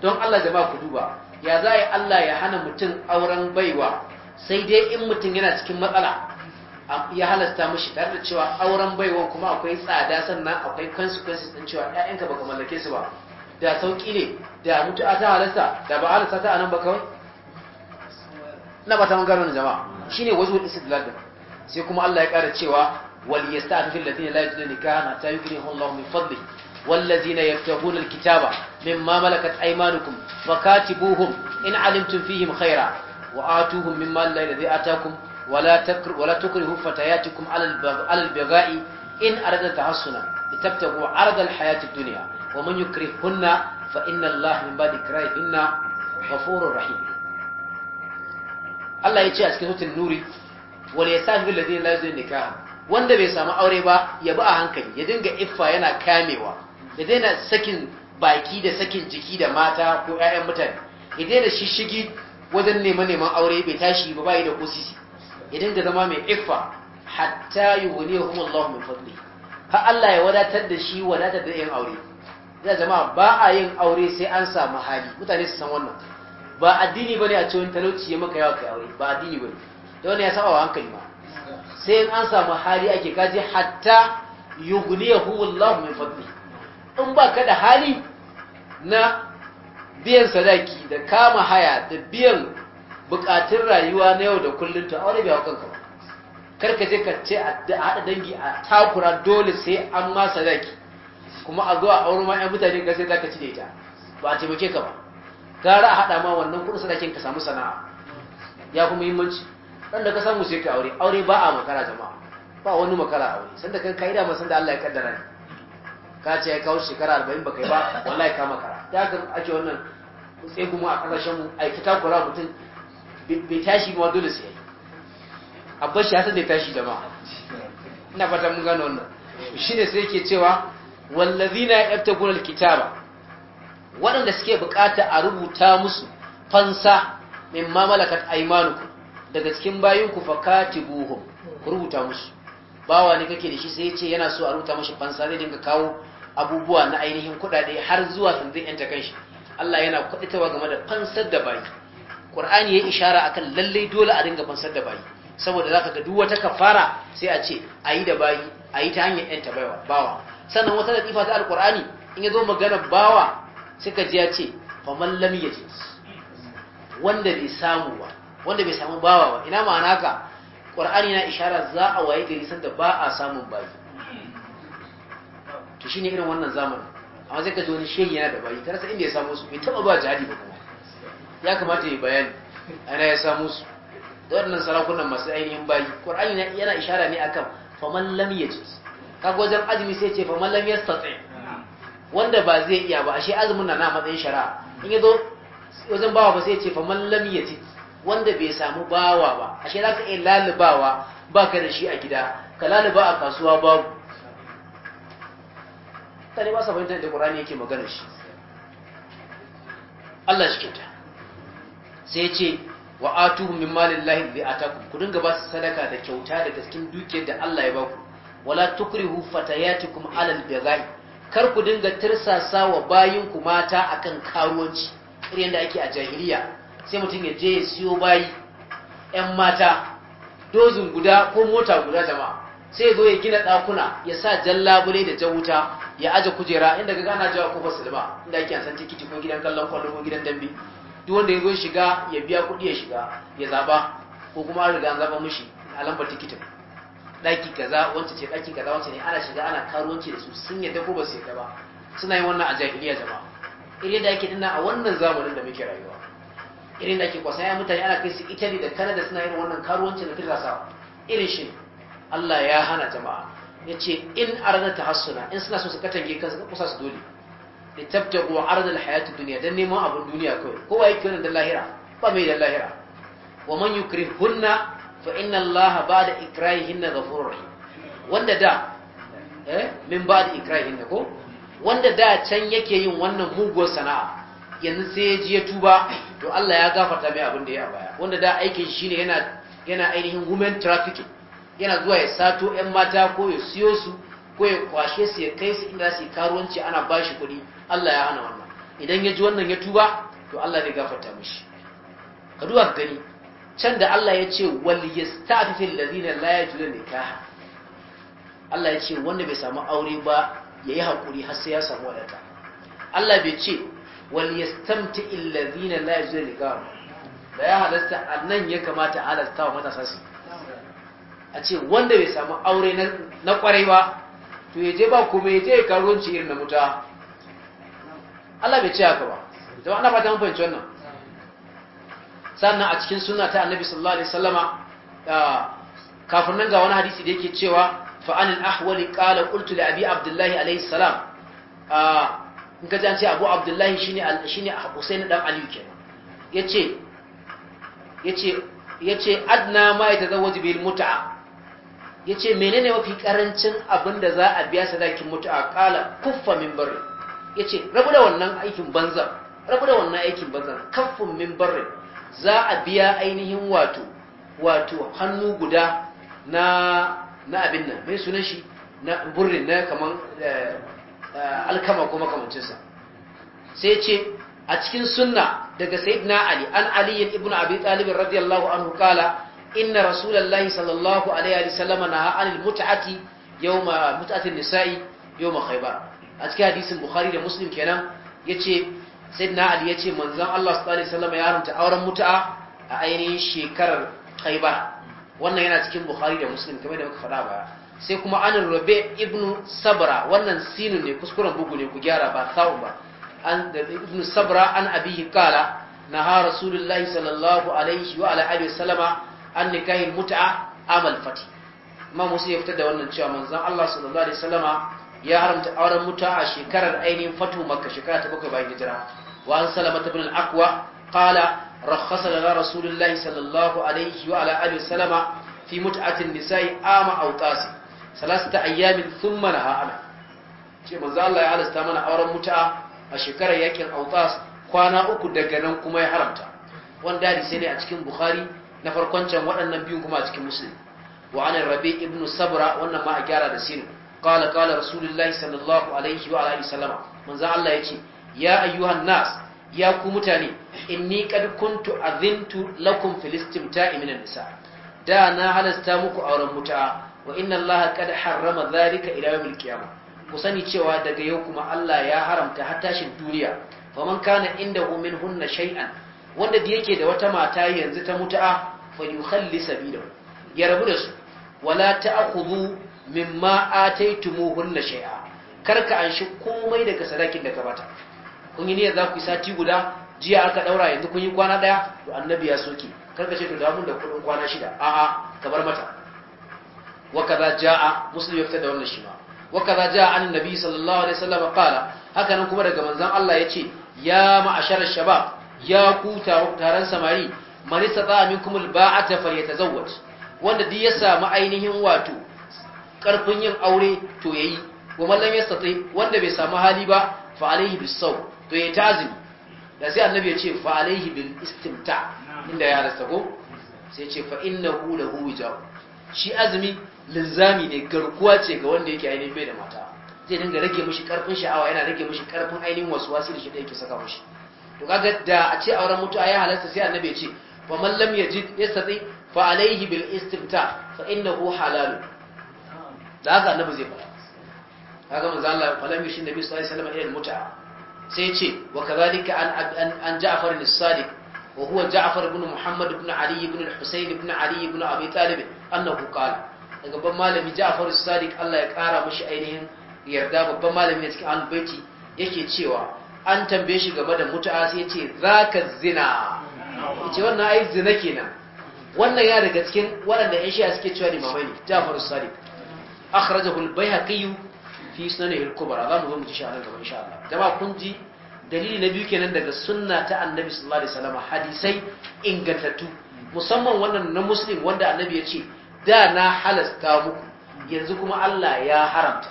don Allah jama'a ku duba ya zai Allah ya hana mutum auren baiwa sai dai in mutum yana cikin matsala ya halasta mashi tare da cewa auren baiwa kuma akwai tsada sannan akwai kansu kansu din cewa ƴaƴanka baka mallake su ba da sauki ne da mutu'a ta halasta da ba halasta ta anan ba kawai na ba ta mangaron jama'a shine wajhul istidlal din sai kuma Allah ya ƙara cewa wal yasta'fil a la yajiduna nikahan hatta yukrihu Allahu min fadli والذين يبتغون الكتاب مما ملكت in فكاتبوهم إن علمتم فيهم خيرا وآتوهم مما الله الذي آتاكم ولا تكر ولا تكرهوا فتياتكم على البغاء إن أردنا تحصنا لتبتغوا عرض الحياة duniya. wa man yukrihunna fa inna Allah min ba'di ikrahihinna rahim Allah ya ce a cikin suratul nuri ya yasafi alladhina na yajiduna nikaha wanda bai samu aure ba ya bi a hankali ya dinga iffa yana kamewa ya daina sakin baki da sakin jiki da mata ko ƴaƴan mutane ya daina shishigi wajen neman neman aure bai tashi ba bai da kosisi ya dinga zama mai iffa hatta kuma Allah min fadli har Allah ya wadatar da shi wadatar da yin aure ya jama'a ba a yin aure sai an samu hali mutane su san wannan ba addini bane a cewa talauci ya maka yawa kai aure ba addini bane da wani ya saba wa hankali ma sai in an samu hali ake kaji hatta yughniyahu Allah min fadli in ba ka da hali na biyan sadaki da kama haya da biyan bukatun rayuwa na yau da kullum to aure bai hau kanka ba karka je ka ce a haɗa dangi a takura dole sai an ma sadaki kuma a zuwa auro ma ɗan mutane ga sai ka ci da ita ba a taimake ka ba gara a haɗa ma wannan kuɗin sadakin ka samu sana'a ya kuma muhimmanci ɗan da ka samu sai ka aure aure ba a makara jama'a ba wani makara aure sanda kan da ba sanda Allah ya kaddara ne ka ce ya kawo shekara 40 ba kai ba wallahi ka makara da ga ake wannan sai kuma a ƙarshen mu ai ta kura mutum bai tashi ma dole sai abba shi san da tashi jama'a ina fata mun gano wannan shi ne sai yake cewa wallazina yabtaguna alkitaba waɗanda suke bukata a rubuta musu fansa mimma malakat aymanukum daga cikin bayinku fakatibuhum ku rubuta musu bawa ne kake da shi sai yace yana so a rubuta mashi fansa zai dinga kawo abubuwa na ainihin kuɗaɗe har zuwa zai yanta kanshi Allah yana kwaditawa game da fansar da bayi Qur'ani ya ishara akan lalle dole a dinga fansar da bayi saboda zaka ga duk wata kafara sai a ce ayi da bayi ayi ta hanyar yanta bawa sannan wata latifa ta Alƙur'ani, in zo magana bawa suka ji ya ce faman lam yajid wanda bai samu ba wanda bai samu bawa ba ina ma'ana ka qur'ani na ishara za a waye gari sanda ba a samun bayi to shine irin wannan zamanin amma sai ka ji wani shehi yana da bayi ka rasa inda ya samu su bai taba ba jihadi ba kuma ya kamata ya bayani ana ya samu su da waɗannan sarakunan masu ainihin bayi ƙur'ani yana ishara ne akan faman lam yajid kaga wajen azumi sai ce fa mallam yastati wanda ba zai iya ba ashe azumin na na matsayin shari'a in yazo wajen bawa ba sai ce fa mallam ci, wanda bai samu bawa ba ashe zaka iya lalubawa ka da shi a gida ka laluba a kasuwa babu tare ba sa fahimtar da Qur'ani yake magana shi Allah shi kyauta sai ya ce wa atu min malillahi bi ataku ku dinga ba su sadaka da kyauta da gaskin dukiyar da Allah ya baku wala tukrihu fatayatikum alal bighai kar ku dinga tirsasa wa bayinku mata akan karuwanci irin da ake a jahiliya sai mutum ya je ya siyo bayi yan mata dozin guda ko mota guda jama'a sai zo ya gina ɗakuna ya sa jan labule da jan wuta ya aje kujera inda ga gana jawa kofar ba. inda ake san tikiti ko gidan kallon kwallo ko gidan dambe duk wanda ya zo shiga ya biya kuɗi ya shiga ya zaba ko kuma an riga an zaba mishi a lambar tikitin daki kaza wacce ce daki kaza wacce ne ana shiga ana karuwanci da su sun yadda ko ba su yadda ba suna yi wannan a jahiliya jama'a irin da ake dinna a wannan zamanin da muke rayuwa irin da ake kwasaya mutane ana kai su Italy da Canada suna yin wannan karuwanci da tirasa irin shi Allah ya hana jama'a ya ce in ta hasuna in suna so su katange kansu kusa su dole wa arda alhayati duniya dan neman abun duniya kawai kowa yake wannan da lahira ba mai da lahira wa man yukrihunna fa inna allaha ba'da ikrahihinna ghafurur rahim wanda da eh min ba'da ikrahihinna ko wanda da can yake yin wannan muguwar sana'a yanzu sai ya ji ya tuba to Allah ya gafarta mai abin da ya baya wanda da aikin shi ne yana yana ainihin human trafficking yana zuwa ya sato 'yan mata ko ya siyo su ko ya kwashe su ya kai su inda su karuwanci ana ba shi kuɗi Allah ya hana wannan idan ya ji wannan ya tuba to Allah ya gafarta mishi ka duba gani can da Allah ya ce wal yastafifil ladina la yajidun Allah ya ce wanda bai samu aure ba ya yi hakuri har sai ya samu wadata Allah bai ce wal yastamti'il ladina la yajidun nikaha da ya halasta nan ya kamata halasta wa matasa su a ce wanda bai samu aure na kwarai ba to je ba kuma yaje ya karuwanci irin na muta Allah bai ce haka ba da ana fata mun wannan sannan a cikin sunna ta annabi sallallahu alaihi wasallama ah, kafin nan ga wani hadisi da yake cewa fa an al-ahwali qala qultu li abi abdullahi alaihi salam ah, in ka jance an abu abdullahi shine shine husain dan ali kenan yace yace yace adna ma yatazawwaju bil mut'a yace menene mafi karancin abin da za a biya sadakin mut'a qala kuffa min ya yace rabu da wannan aikin banza rabu da wannan aikin banza kaffun min barin. za a biya ainihin wato wato hannu guda na na abin nan mai sunan shi na burin na kaman eh, eh, alkama ko makamancinsa sai ce a cikin sunna daga sayyidina ali an ali ibn abi talib radiyallahu anhu kala inna rasulullahi sallallahu alaihi wa sallam na anil mut'ati yawma mut'atin nisa'i yawma khaybar a cikin hadisin bukhari da muslim kenan yace sayyidina ali ce manzan Allah sallallahu alaihi wasallam ya haramta auren mutu'a a ainihin shekarar khaibar wannan yana cikin bukhari da muslim kamar da muka faɗa baya sai kuma an rabe ibnu sabra wannan sinin ne kuskuren bugu ne ku gyara ba sa'u ba an da ibnu sabra an abihi qala naha rasulullahi sallallahu alaihi wa ala alihi wasallama an nikahi mut'a amal fati ma musu ya fitar da wannan cewa manzan Allah sallallahu alaihi wasallama ya haramta auren muta a shekarar ainihin fatu makka shekara ta bakwai bayan hijira wa an salama ta bin al'akwa kala rakhasa lana rasulullahi sallallahu alaihi wa ala alihi salama fi mut'atin nisa'i ama auqasi salasta ayyamin thumma naha ana ce manzo Allah ya halasta mana auren muta a shekarar yakin auqas kwana uku daga nan kuma ya haramta wanda hadisi ne a cikin bukhari na farkon can waɗannan biyun kuma a cikin muslim wa an rabi ibnu sabra wannan ma a gyara da sinu qala qala rasulullahi sallallahu alaihi wa alihi sallama manzo Allah yace ya ayyuhan nas ya ku mutane inni qad kuntu azintu lakum filistin ta minan nisa da na halasta muku auren muta wa inna Allah qad harrama dhalika ila yawmil qiyamah ku sani cewa daga yau kuma Allah ya haramta har tashin duniya faman kana indahu minhunna shai'an. wanda da yake da wata mata yanzu ta mutu'a falyukhalli sabilahu ya rabu da su wala ta'khudhu mimma ataytumuhunna shai'a karka an shi komai daga sadakin da gabata kun yi niyyar za ku yi sati guda jiya aka daura yanzu kun yi kwana daya to annabi ya soke karka ce to damun da kudin kwana shida a'a ka bar mata wa kaza jaa muslim ya fitar da wannan shi ma wa kaza jaa an nabi sallallahu alaihi wasallam qala haka nan kuma daga manzon Allah yace ya ma'ashar shabab ya ku taron samari man istata minkum ta falyatazawwaj wanda duk ya samu ainihin wato karfin yin aure to yayi wa mallan ya yastati wanda bai samu hali ba fa alaihi bis saw to yayi tazimi da sai annabi ya ce fa alaihi bil istimta inda ya rasa ko sai ya ce fa innahu lahu wijab shi azumi linzami ne garkuwa ce ga wanda yake ainihin bai da mata zai dinga rage mishi karfin sha'awa yana rage mishi karfin ainihin waswasi da shi da yake saka mishi to kaga da a ce auren mutu ya halarta sai annabi ya ce fa ya lam yajid yastati fa alaihi bil istimta fa innahu halal da haka annabi zai fara kaga manzo Allah ya falam yushin nabi sallallahu alaihi wasallam ilal muta sai ce wa kadhalika an an Ja'far ibn sadiq wa huwa Ja'far ibn Muhammad ibn Ali ibn al-Husayn ibn Ali ibn Abi Talib annahu qala daga babban malami Ja'far ibn sadiq Allah ya kara mishi ainihin yarda babban malami ne cikin al-Baiti yake cewa an tambaye shi game da mutu'a sai ce zaka zina yace wannan ai zina kenan wannan ya daga cikin waɗanda ya shi suke cewa limamai ne Ja'far ibn sadiq akhrajahu al-bayhaqi fi sunanihi al-kubra za mu zo mu ji shi a nan gaba insha Allah jama'a kun ji dalili na biyu kenan daga sunna ta annabi sallallahu alaihi wasallam hadisai ingantattu musamman wannan na muslim wanda annabi ya ce da na halasta muku yanzu kuma Allah ya haramta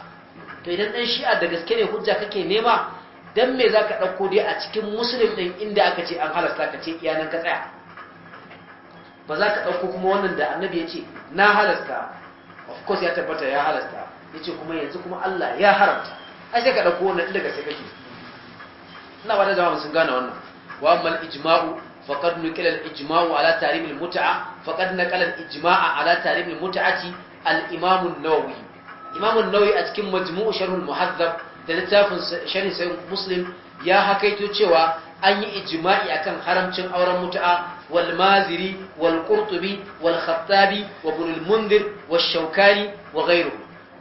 to idan dan shi'a da gaske ne hujja kake nema dan me zaka dauko dai a cikin muslim din inda aka ce an halasta ka ce iyanan ka tsaya ba za ka dauko kuma wannan da annabi ya ce na halasta course ya tabbata ya halasta Ya ce kuma yanzu kuma Allah ya haramta ai sai ka dauko wannan daga sai kake ina ba da jama'a sun gane wannan wa mal ijma'u faqad nuqila al ijma'u ala tahrim al mut'a faqad naqala al ijma'a ala tahrim al mut'ati al imam an-nawawi imam an-nawawi a cikin majmu'u sharh al muhazzab da littafin sharh sai muslim ya hakaito cewa an yi ijma'i akan haramcin auren mutu'a. والمازري والقرطبي والخطابي وابن المنذر والشوكاني وغيره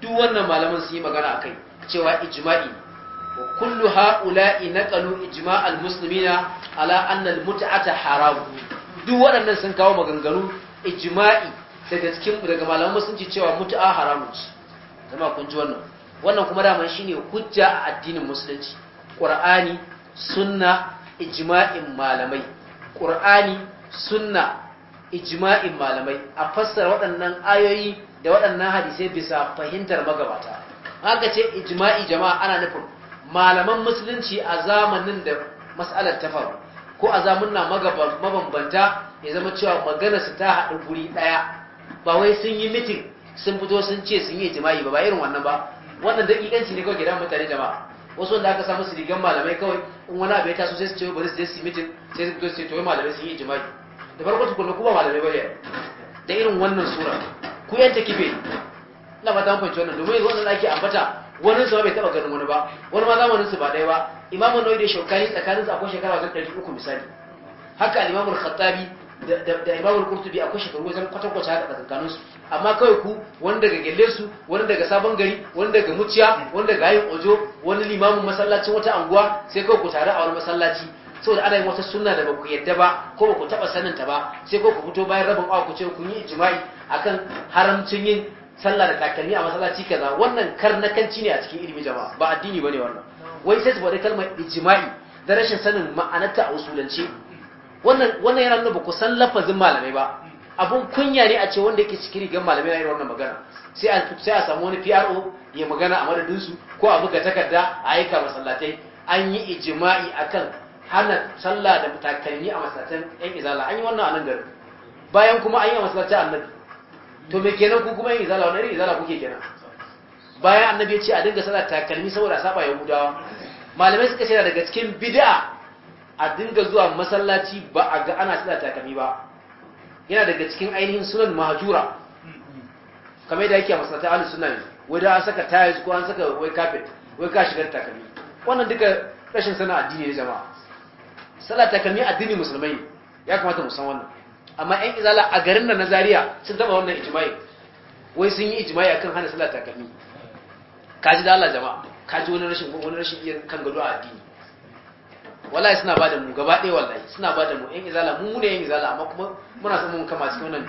duk wannan malaman su yi magana a kai cewa ijma'i wa kullu ha'ula'i naqalu ijma'al muslimina ala anna al-mut'ata haram duk waɗannan sun kawo maganganu ijma'i daga cikin daga malaman sun ce cewa mut'a haramun ce jama'a kun ji wannan wannan kuma daman shine hujja a addinin musulunci qur'ani sunna ijma'in malamai qur'ani sunna ijma'in malamai a fassara waɗannan ayoyi da waɗannan hadisai bisa fahimtar magabata haka ce ijma'i jama'a ana nufin malaman musulunci a zamanin da mas'alar ta faru ko a zamanin mabambanta ya zama cewa magana su ta haɗu guri ɗaya ba wai sun yi mitin sun fito sun ce sun yi ijma'i ba ba irin wannan ba wannan da ne kawai gidan mutane jama'a wasu wanda aka samu su rigan malamai kawai in wani abu ya taso sai su ce bari su je su yi mitin sai su fito su ce to malamai sun yi ijma'i da farko tukuna kuma ba da bai bayar da irin wannan sura ku yanta kife ina ba ta fahimci wannan domin wannan ake ambata wani su bai taba ganin wani ba wani ma zamanin su ba dai ba imamu nawawi da shaukani tsakanin su akwai shekara wajen 300 misali haka al-imamu al-khattabi da imamu al-qurtubi akwai shekaru zan kwatan kwata haka tsakanin su amma kawai ku wani daga gelle su wani daga sabon gari wani daga muciya wani daga hayin ojo wani limamin masallacin wata anguwa sai kawai ku tare a wani masallaci saboda ana yin wata sunna da ba ku yadda ba ko ba ku taɓa sanin ta ba sai ko ku fito bayan rabin awa ku ce kun yi ijma'i akan haramcin yin sallah da takalmi a masallaci kaza wannan karnakanci ne a cikin ilimi jama'a ba addini bane wannan wai sai su faɗi kalmar ijma'i da rashin sanin ma'anarta a usulance wannan wannan yana nuna ba ku san lafazin malamai ba abun kunya ne a ce wanda yake cikin rigar malamai na irin wannan magana sai a sai a samu wani PRO ya magana a madadin su ko a buga takarda a aika masallatai an yi ijma'i akan hana sallah da takalmi a masallacin yan izala an yi wannan a nan garin bayan kuma an yi a masallacin annabi to me kenan ku kuma yan izala wani irin izala kuke kenan bayan annabi ya ce a dinga sallah takalmi saboda saba yahudawa malamai suka shaida daga cikin bid'a a dinga zuwa masallaci ba a ga ana sallah takalmi ba yana daga cikin ainihin sunan mahjura kamar yadda yake a masallacin ahlus sunna ne wai da an saka tiles ko an saka wai carpet wai ka shigar takalmi wannan duka rashin sana'a addini ne jama'a sallah kalmi addinin musulmai ya kamata mu san wannan amma ɗan izala a garin da na sun taba wannan ijimai, wai sun yi ijimai akan hana sallah takalmi kaji da Allah jama'a ji wani rashin wani rashin iya kan gado a addini wallahi suna bada mu gaba ɗaya wallahi suna bada mu ɗan izala mu ne ɗan izala amma kuma muna son mun kama cikin wannan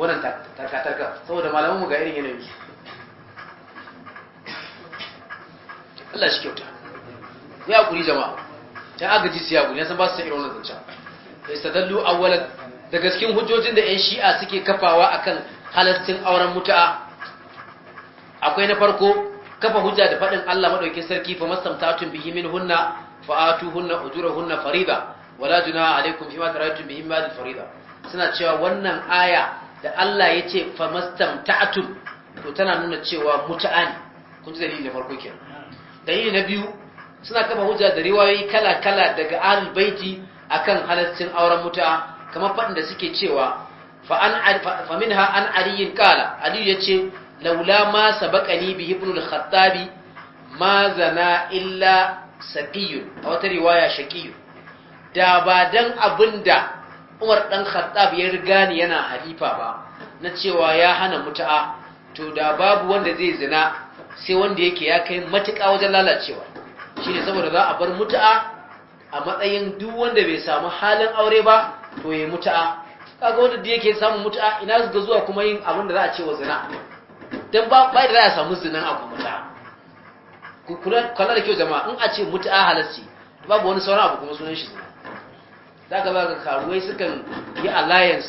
wannan tarka-tarka saboda malaman mu ga irin yanayin su Allah shi kyauta ya kuri jama'a yan agaji su yagu ne san ba su san irin wannan zancen dallu awwalan da gaskin hujjojin da ƴan shi'a suke kafawa akan halastin auren mutu'a akwai na farko kafa hujja da faɗin Allah madaukakin sarki fa mastamtatun bihi min hunna fa Ujuru hunna farida wala junaha alaikum fima taratun bihi ma farida suna cewa wannan aya da Allah yace fa mastamtatun to tana nuna cewa mutu'a ne kun ji dalili na farko kenan dalili na biyu suna kafa hujja da riwayoyi kala-kala daga albaiti baiti kan halaccin auren muta kamar faɗin da suke cewa fa an fa minha an aliyin kala aliyu yace laula ma sabaqani bi ibn al-khattabi ma zana illa saqiyun a wata riwaya shaqiyun da ba dan abinda Umar ɗan Khattab ya riga ni yana halifa ba na cewa ya hana mutu'a to da babu wanda zai zina sai wanda yake ya kai matuƙa wajen lalacewa shine saboda za a bar mutu'a a matsayin duk wanda bai samu halin aure ba to yayi mutu'a kaga wanda da yake samun mutu'a ina zuga zuwa kuma yin abin da za a ce wa zina dan ba ba da za a samu zinan a kuma mutu'a kula da kyau jama'a in a ce mutu'a halarci babu wani sauran abu kuma sunan shi zina za ka ba ka karuwai sukan yi alliance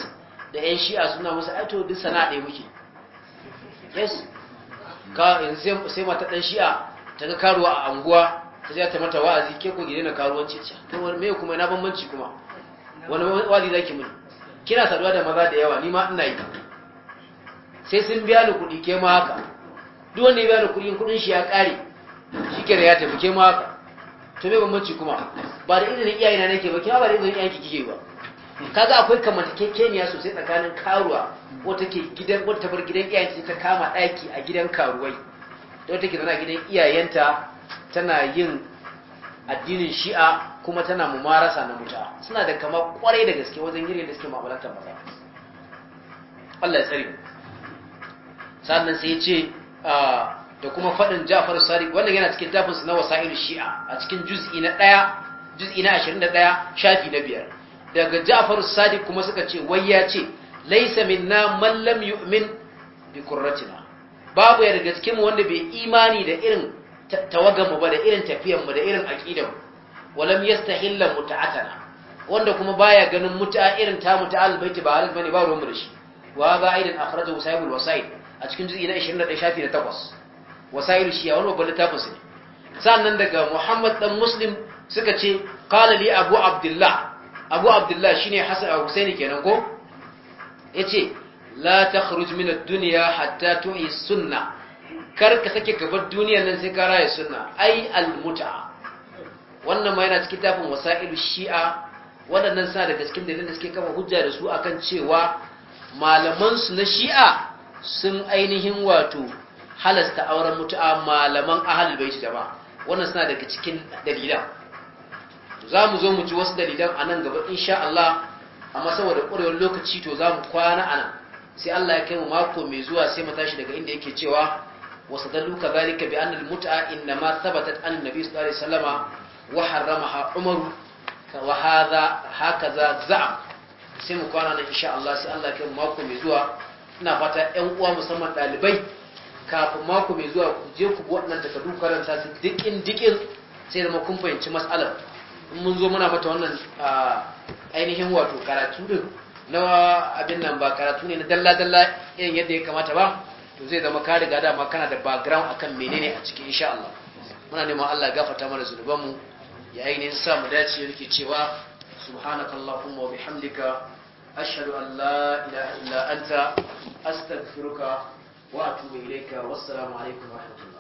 da 'yan shi'a suna musu aito duk sana'a ɗaya muke yes ka yanzu sai mata ɗan shi'a ta ga karuwa a anguwa ta ja ta mata wa'azi ke ku gidana karuwanci ce to me kuma na bambanci kuma wani wa'azi zaki muni kina saduwa da maza da yawa ni ma ina yi sai sun biya ni kuɗi ke ma haka duk wanda ya biya ni kuɗi kuɗin shi ya ƙare shi ke ya tafi ke ma haka to me bambanci kuma ba da izinin iyaye na nake ba ke ba da izinin iyayen ki kike ba kaga akwai kamantakekeniya sosai tsakanin karuwa wata ke gidan wata bar gidan iyayen ta kama ɗaki a gidan karuwai da take ke zana gidan iyayenta tana yin addinin shi'a kuma tana mumarasa na muta suna da kama kwarai da gaske wajen yin da suke ma'amalantar maza Allah ya tsari sannan sai ya ce ah, da kuma faɗin Ja'far Sadiq wannan yana cikin tafinsu na wasa'il shi'a a cikin juz'i na 1 juz'i na ɗaya, shafi na biyar. daga Ja'far Sadiq kuma suka ce wai ya ce laisa minna man lam yu'min bi qurratina babu ya daga cikin wanda bai imani da irin tawaganmu ba da irin tafiyanmu da irin aƙidanmu walam yastahilla muta'atana wanda kuma baya ganin muta'a irin ta muta'al baiti ba halal bane ba ruwan mu da shi wa ba aidan akhrajahu sahibul wasaid a cikin juz'i na 21 shafi na 8 wasailu shi ya wani babban littafin su ne sannan daga Muhammad dan Muslim suka ce qala li Abu Abdullah Abu Abdullah shine Hasan Abu Husaini kenan ko yace la takhruj min ad-dunya hatta tu'i sunnah kar ka sake gabar duniyar nan sai ka raya sunna ai almuta wannan ma yana cikin tafin wasa'ilu shi'a waɗannan sa daga cikin dalilin da suke kafa hujja da su akan cewa malaman na shi'a sun ainihin wato halasta auren mutu'a malaman ahlul bait jama'a wannan suna daga cikin dalilan za mu zo mu ji wasu dalilan a nan gaba insha Allah amma saboda ƙwarewar lokaci to za mu kwana a nan sai Allah ya kai mu mako mai zuwa sai mu tashi daga inda yake cewa واستدلوا كذلك بأن المتعة إنما ثبتت عن النبي صلى الله عليه وسلم وحرمها عمر وهذا هكذا زعم sai mu kwana nan insha Allah sai Allah kai mako mai zuwa ina fata ƴan uwa musamman ɗalibai kafin mako mai zuwa ku je ku waɗannan takardu karanta su dikin dikin sai da kun fahimci mas'alar mun zo muna mata wannan ainihin wato karatu din na abin nan ba karatu ne na dalla dalla irin yadda ya kamata ba to zai zama ka riga dama kana da background akan menene a cikin insha Allah muna neman Allah gafarta mana zunubanmu ya ainihin sa mu dace yake cewa subhanakallahumma wa bihamdika ashhadu an la ilaha illa anta astaghfiruka wa atubu ilayka wassalamu alaikum wa rahmatullahi